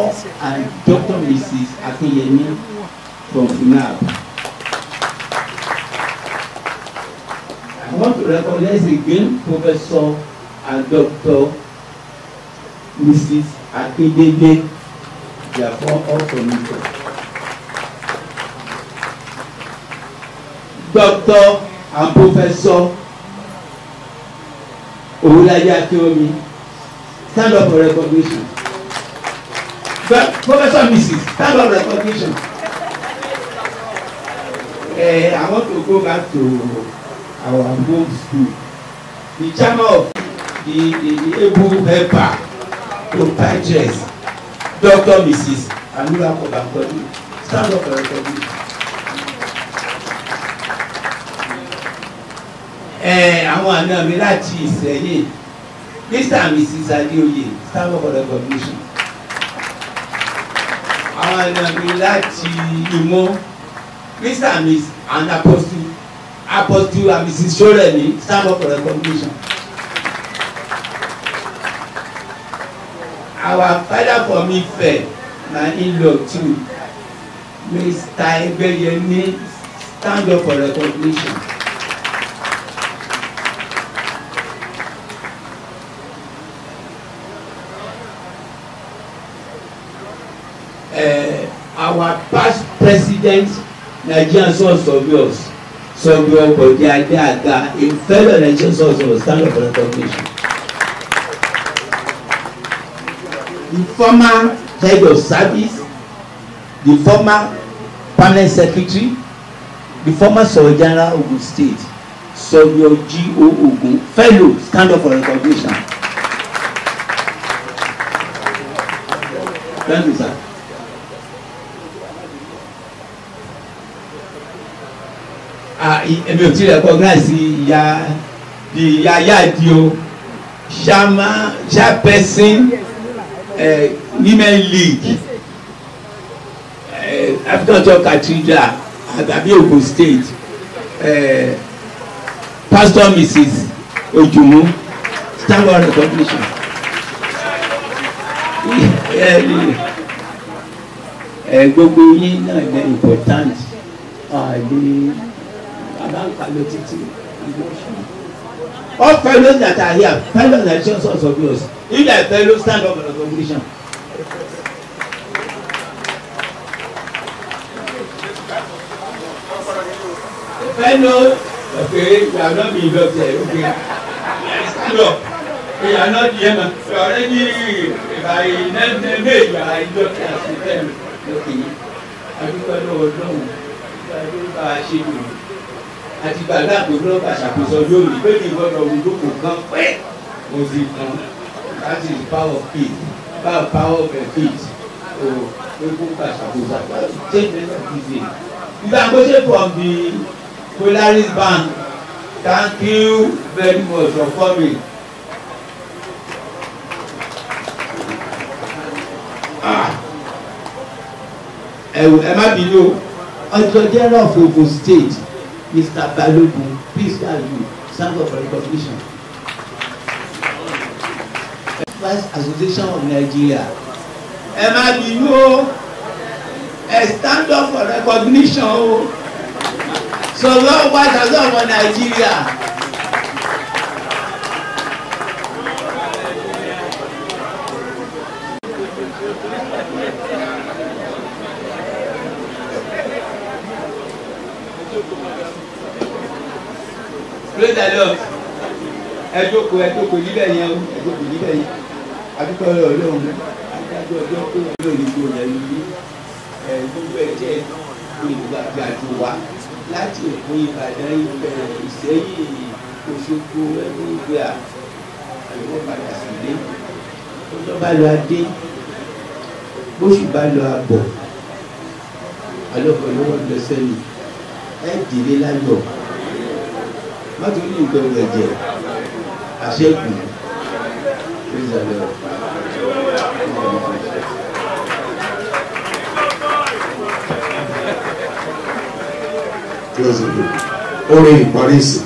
and Doctor Mrs. Akinyemi from FUNAB. want to recognize again Professor and doctor, Mrs. Akedede. They are Doctor and Professor Owolaye Akeomi stand up for recognition. But Professor Mrs. stand up for recognition. Uh, I want to go back to our home school. The chairman of the, the, the able helper proprietress Dr. Mrs. Anura Kobankoli stand up for recognition. àwọn àna mi láti ìsẹ̀yìn Mr. and Mrs. Adeoye stand up for recognition. àwọn àna mi láti Ìmọ̀ Mr. and Mrs. and Apostle Apostle and Mrs. Soremi stand up for recognition. Our father from Ife, my in-law too, Mr. Egbeyemi, stand up for recognition. Uh, eh, our past president, Nigerian Sons of sọgbẹ ọkọ jẹ ajé àga in fellow nigerian sọsọ will stand up for the congregation. the former head of service the former permanent secretary the former surgeon general ogun state sọgbẹ ọjí ogun fellow stand up for the congregation. thank you sir. èmi ò tí recognize ìyá di ìyá yáàdì o ṣàmà ṣàpẹ̀sìn women league African Church Cathedral àgbàbí Ogun State Pastor Mrs. Ojumu stand for recognition. gbogbo yín náà ní important. Uh, the, bank allocated emotion. All fellows that are here, fellows are just sons of yours. If they are fellows, stand up for the congregation. Fellow, okay, you have not been loved there, okay. Stand up. You are not here, man. You are already, if I name the them, you are loved as tell fellow. Okay. I do fellow alone. I do, not I should do àti gbàgbà àpòjọ àṣàkóso yóò rí bẹ́ẹ̀ ni ìwọ́dọ̀ olùdókò kan pé òsì kan that is power of faith power power of faith o epo àṣàkóso change the disease ìgbàgbọ́sẹ̀ from the Polaris Bank thank you very much for coming. Ah. ẹ má bínú ọjọ́ jẹ́rọ̀ of State. Mr. Balogun, please are you stand up for recognition. First Association of Nigeria. Ẹ má bínú o, stand up for recognition o. So what has as of Nigeria. praise the lord ẹ jókòó yẹn o ẹ jókòó níbẹ̀ yẹn adúpẹ́ ọlọ́run adájọ́ ọjọ́ pé ọlọ́run ní kò yẹ lórí ẹ gbogbo ẹ jẹ́ olùgbàgbàjò wa láti òkun ìbàdàn ìfẹ́ ìsẹ́yìn òṣogbo ẹgbẹ́ ìgbé à àlùkò padà sí ilé ọjọ́ bá lọ adé bóṣù bá lọ abọ̀ alọ́kọ̀ọ́ lọ́wọ́ lọ sẹ́yìn ẹ̀ dìde láyọ̀ má torí nǹkan ilẹ̀ jẹ àṣẹ́kù ìzàlẹ̀ ọ̀rọ̀ orin ìparí ìsìn.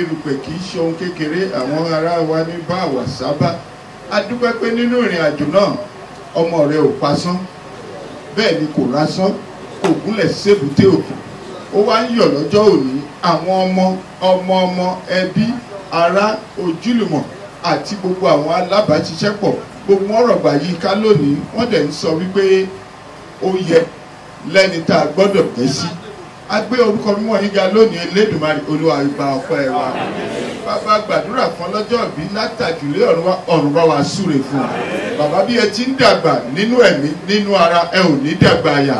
erùpẹ̀ kì í ṣe ohun kékeré àwọn ará wa ní bá wa sábà a dúpẹ́ pé nínú ìrìn àjò náà ọmọ rẹ ò pasán bẹ́ẹ̀ ni kò lásán kò gúnlẹ̀ sébùté òkun ó wá ń yọ̀ lọ́jọ́ òní àwọn ọmọ ọmọ ọmọ ẹbí ará ojúlùmọ̀ àti gbogbo àwọn alábàáṣiṣẹ́pọ̀ gbogbo ọ̀rọ̀ gbà yí ká lónìí wọ́n dẹ̀ ń sọ wípé ó yẹ lẹ́ni tá a gbọ́dọ̀ bẹ́ sí. Si a gbé orúkọ mímọ́ yín ga lónìí elédùnmarè olúwa ìgbà ọpẹ́ wa bàbá gbàdúrà fún lọ́jọ́ ìbí látàjùlé ọ̀run bá wa súre fún un bàbá bí ẹ ti ń dàgbà nínú ẹ̀mí nínú ara ẹ ò ní dàgbà àyà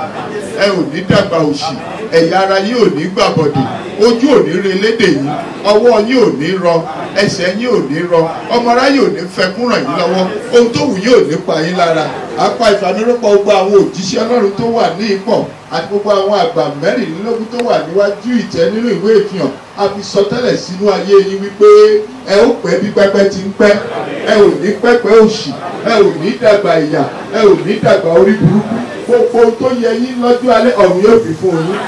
ẹ ò ní dàgbà òṣì ẹ̀yà ara yín ò ní gbàbọ̀dẹ̀ ojú ò ní re lédè yín ọwọ́ yín ò ní rọ ẹsẹ̀ yín ò ní rọ ọmọ aráyé ò ní fẹkún ràn yín ohun tó wù yín ò ní pa yín lára apá ìfàmìrọ́pọ̀ gbogbo àwọn òjíṣẹ́ ọlọ́run tó wà ní ipò àti gbogbo àwọn àgbà mẹ́rìnlélógún tó wà níwájú ìtẹ́ nínú ìwé ìfihàn a fi sọ tẹ́lẹ̀ sínú ayé yín wípé ẹ ó pẹ́ bí pẹ́pẹ́ ti ń pẹ́ ẹ ò ní pẹ́pẹ́ òṣì ẹ ò ní dàgbà ìyà ẹ ò ní dàgbà orí burúkú gbogbo tó yẹ yín lọ́jọ́ alẹ́ ọ̀run yóò fi fún yín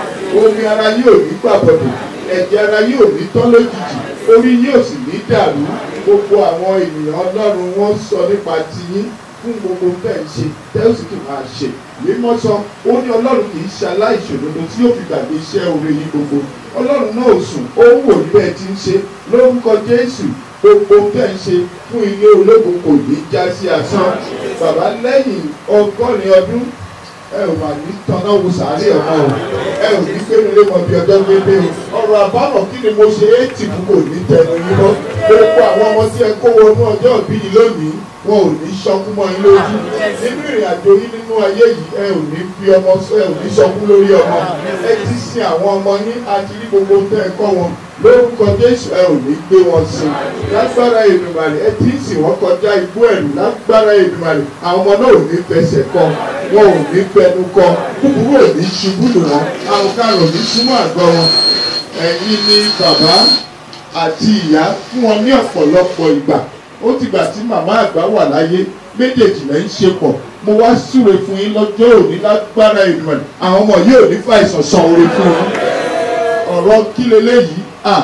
omi ara yóò ní gbàbọ̀dọ̀ ẹ̀jẹ̀ ara yóò ní tán lójijì orí yóò sì ní dàrú gbogbo àwọn ènìyàn ọlọ́run wọ́n sọ nípa tiyín fún gbogbo bẹ́ẹ̀ ṣe tẹ́lẹ̀ sì tún máa ṣe mímọ́ sọ ó ní ọlọ́run kì í ṣe aláìṣòdodo tí yóò fi gbàgbé iṣẹ́ oore yìí gbogbo ọlọ́run náà sùn ó ń wò ní bẹ́ẹ̀ ti ń ṣe lórúkọ jésù gbogbo bẹ́ẹ̀ ṣe fún ilé ológun kò ní já sí asán bàbá lẹ́yìn ọgọ́rin ọdún ẹ ò mà ní tanná wo sàárè ọmọ o ẹ ò ní gbénu lé mọ bí ọjọ́ gbé dé o ọ̀rọ̀ àbámọ̀ kí ni mo ṣe é tìbú gbogbo àwọn ọmọ sí ẹ kó wọnú ọjọ́ ìbí lónìí wọn ò ní sọkún mọ́ yín lójú nínú ìrìn àjò yín nínú ayé yìí ẹ ò ní fi ọmọ ẹ ò ní sọkún lórí ọmọ ẹ ti sin àwọn ọmọ yín àti gbogbo tẹ́ ẹ wọn lórúkọ jésù ẹ ò ní gbé wọn sìn lágbára Èdùmàrè ẹ ti sìn wọn kọjá igbó ẹ̀rù lágbára Èdùmàrè àwọn ọmọ náà ò ní fẹsẹ̀ kọ wọn ò ní fẹnu kọ búburú ò ní ṣubú lù wọn àrùn karùn ní súnmọ́ àgọ́ wọn ẹ̀yin ni bàbá àti ìyá fún wọn ní ọ̀pọ̀lọpọ̀ ìgbà ó tìgbà tí màmá àgbà wà láyé méjèèjì lẹ́ ń ṣe pọ̀ mo wá súre fún yín lọ́jọ́ òní lágbára ìmọ̀ àwọn ọmọ yìí ò ní fàìsàn san oore fún wọn. ọ̀rọ̀ kí leléyìí à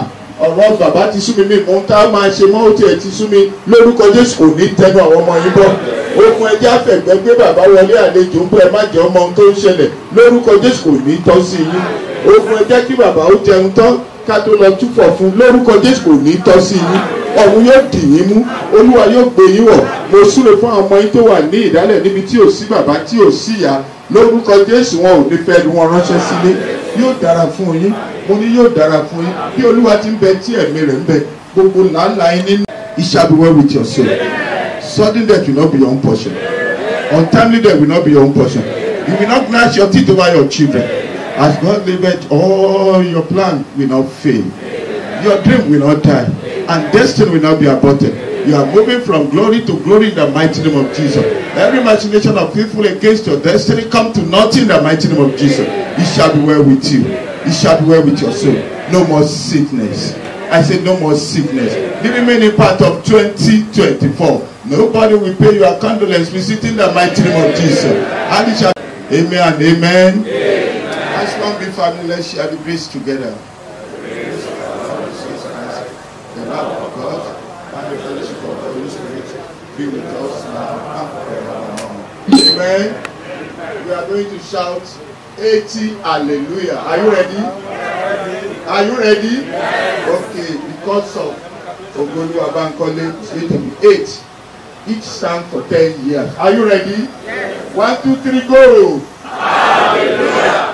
ọ̀rọ̀ bàbá ti sú mi mi mò ń tá a máa ṣe mọ́ ó tiẹ̀ ti sú mi lórúkọ Jésù kò ní tẹnu àwọn ọmọ yín bọ́ okun ẹjẹ afẹgbẹ gbé bàbá wọlé àlejò ń bọ ẹ má jẹ ọmọ ohun tó ń ṣẹlẹ̀ lórúkọ Jésù kò ní tọ́ sí yín okun ẹjẹ kí bàbá ó jẹun tán ká tó lọ túfọ̀ fún lórúkọ jésù kò ní tọ́ sí yín ọ̀run yóò dì yín mú olúwa yóò gbé yín wọ̀ mo súre fún àwọn ọmọ yín tó wà ní ìdálẹ̀ níbi tí ò sí bàbá tí ò sí ìyá lórúkọ jésù wọn ò ní fẹ́ lu wọn ránṣẹ́ sílé yóò dára fún yín mo ní yóò dára fún yín bí olúwa ti ń bẹ tí ẹ̀mí rẹ̀ ń bẹ gbogbo làálàá yín nínú. it with your soul sudden death will not be your own portion untimely death will not be your own portion you will not gnash your teeth over your children. As God liveth, all your plan will not fail. Your dream will not die. And destiny will not be aborted. You are moving from glory to glory in the mighty name of Jesus. Every imagination of people against your destiny come to nothing in the mighty name of Jesus. It shall be well with you. It shall be well with your soul. No more sickness. I said no more sickness. The remaining part of 2024. Nobody will pay your condolence. We sit in the mighty name of Jesus. And it shall Amen and amen. amen. Let's This be family, let's share the grace together. the love of God, and the fellowship of the Holy Spirit be with us now and forevermore. Amen. We are going to shout 80 Hallelujah. Are you ready? Are you ready? Okay, because of Ogoluwa Abankole, it will be 8. Each sang for 10 years. Are you ready? Yes. One, two, three, go. Hallelujah.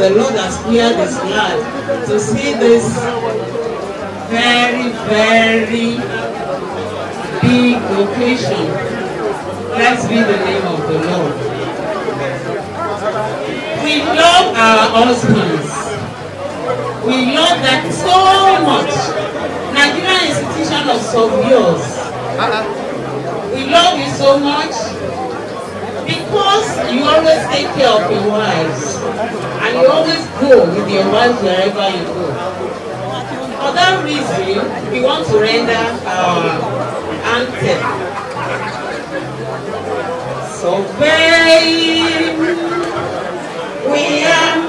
the Lord has cleared his blood to see this very, very big occasion. Blessed be the name of the Lord. We love our husbands. We love that so much. Nigerian institution of yours. We love you so much because you always take care of your wives. And you always go with your wife wherever you go. For that reason, we want to render our uh, anthem. So babe, we are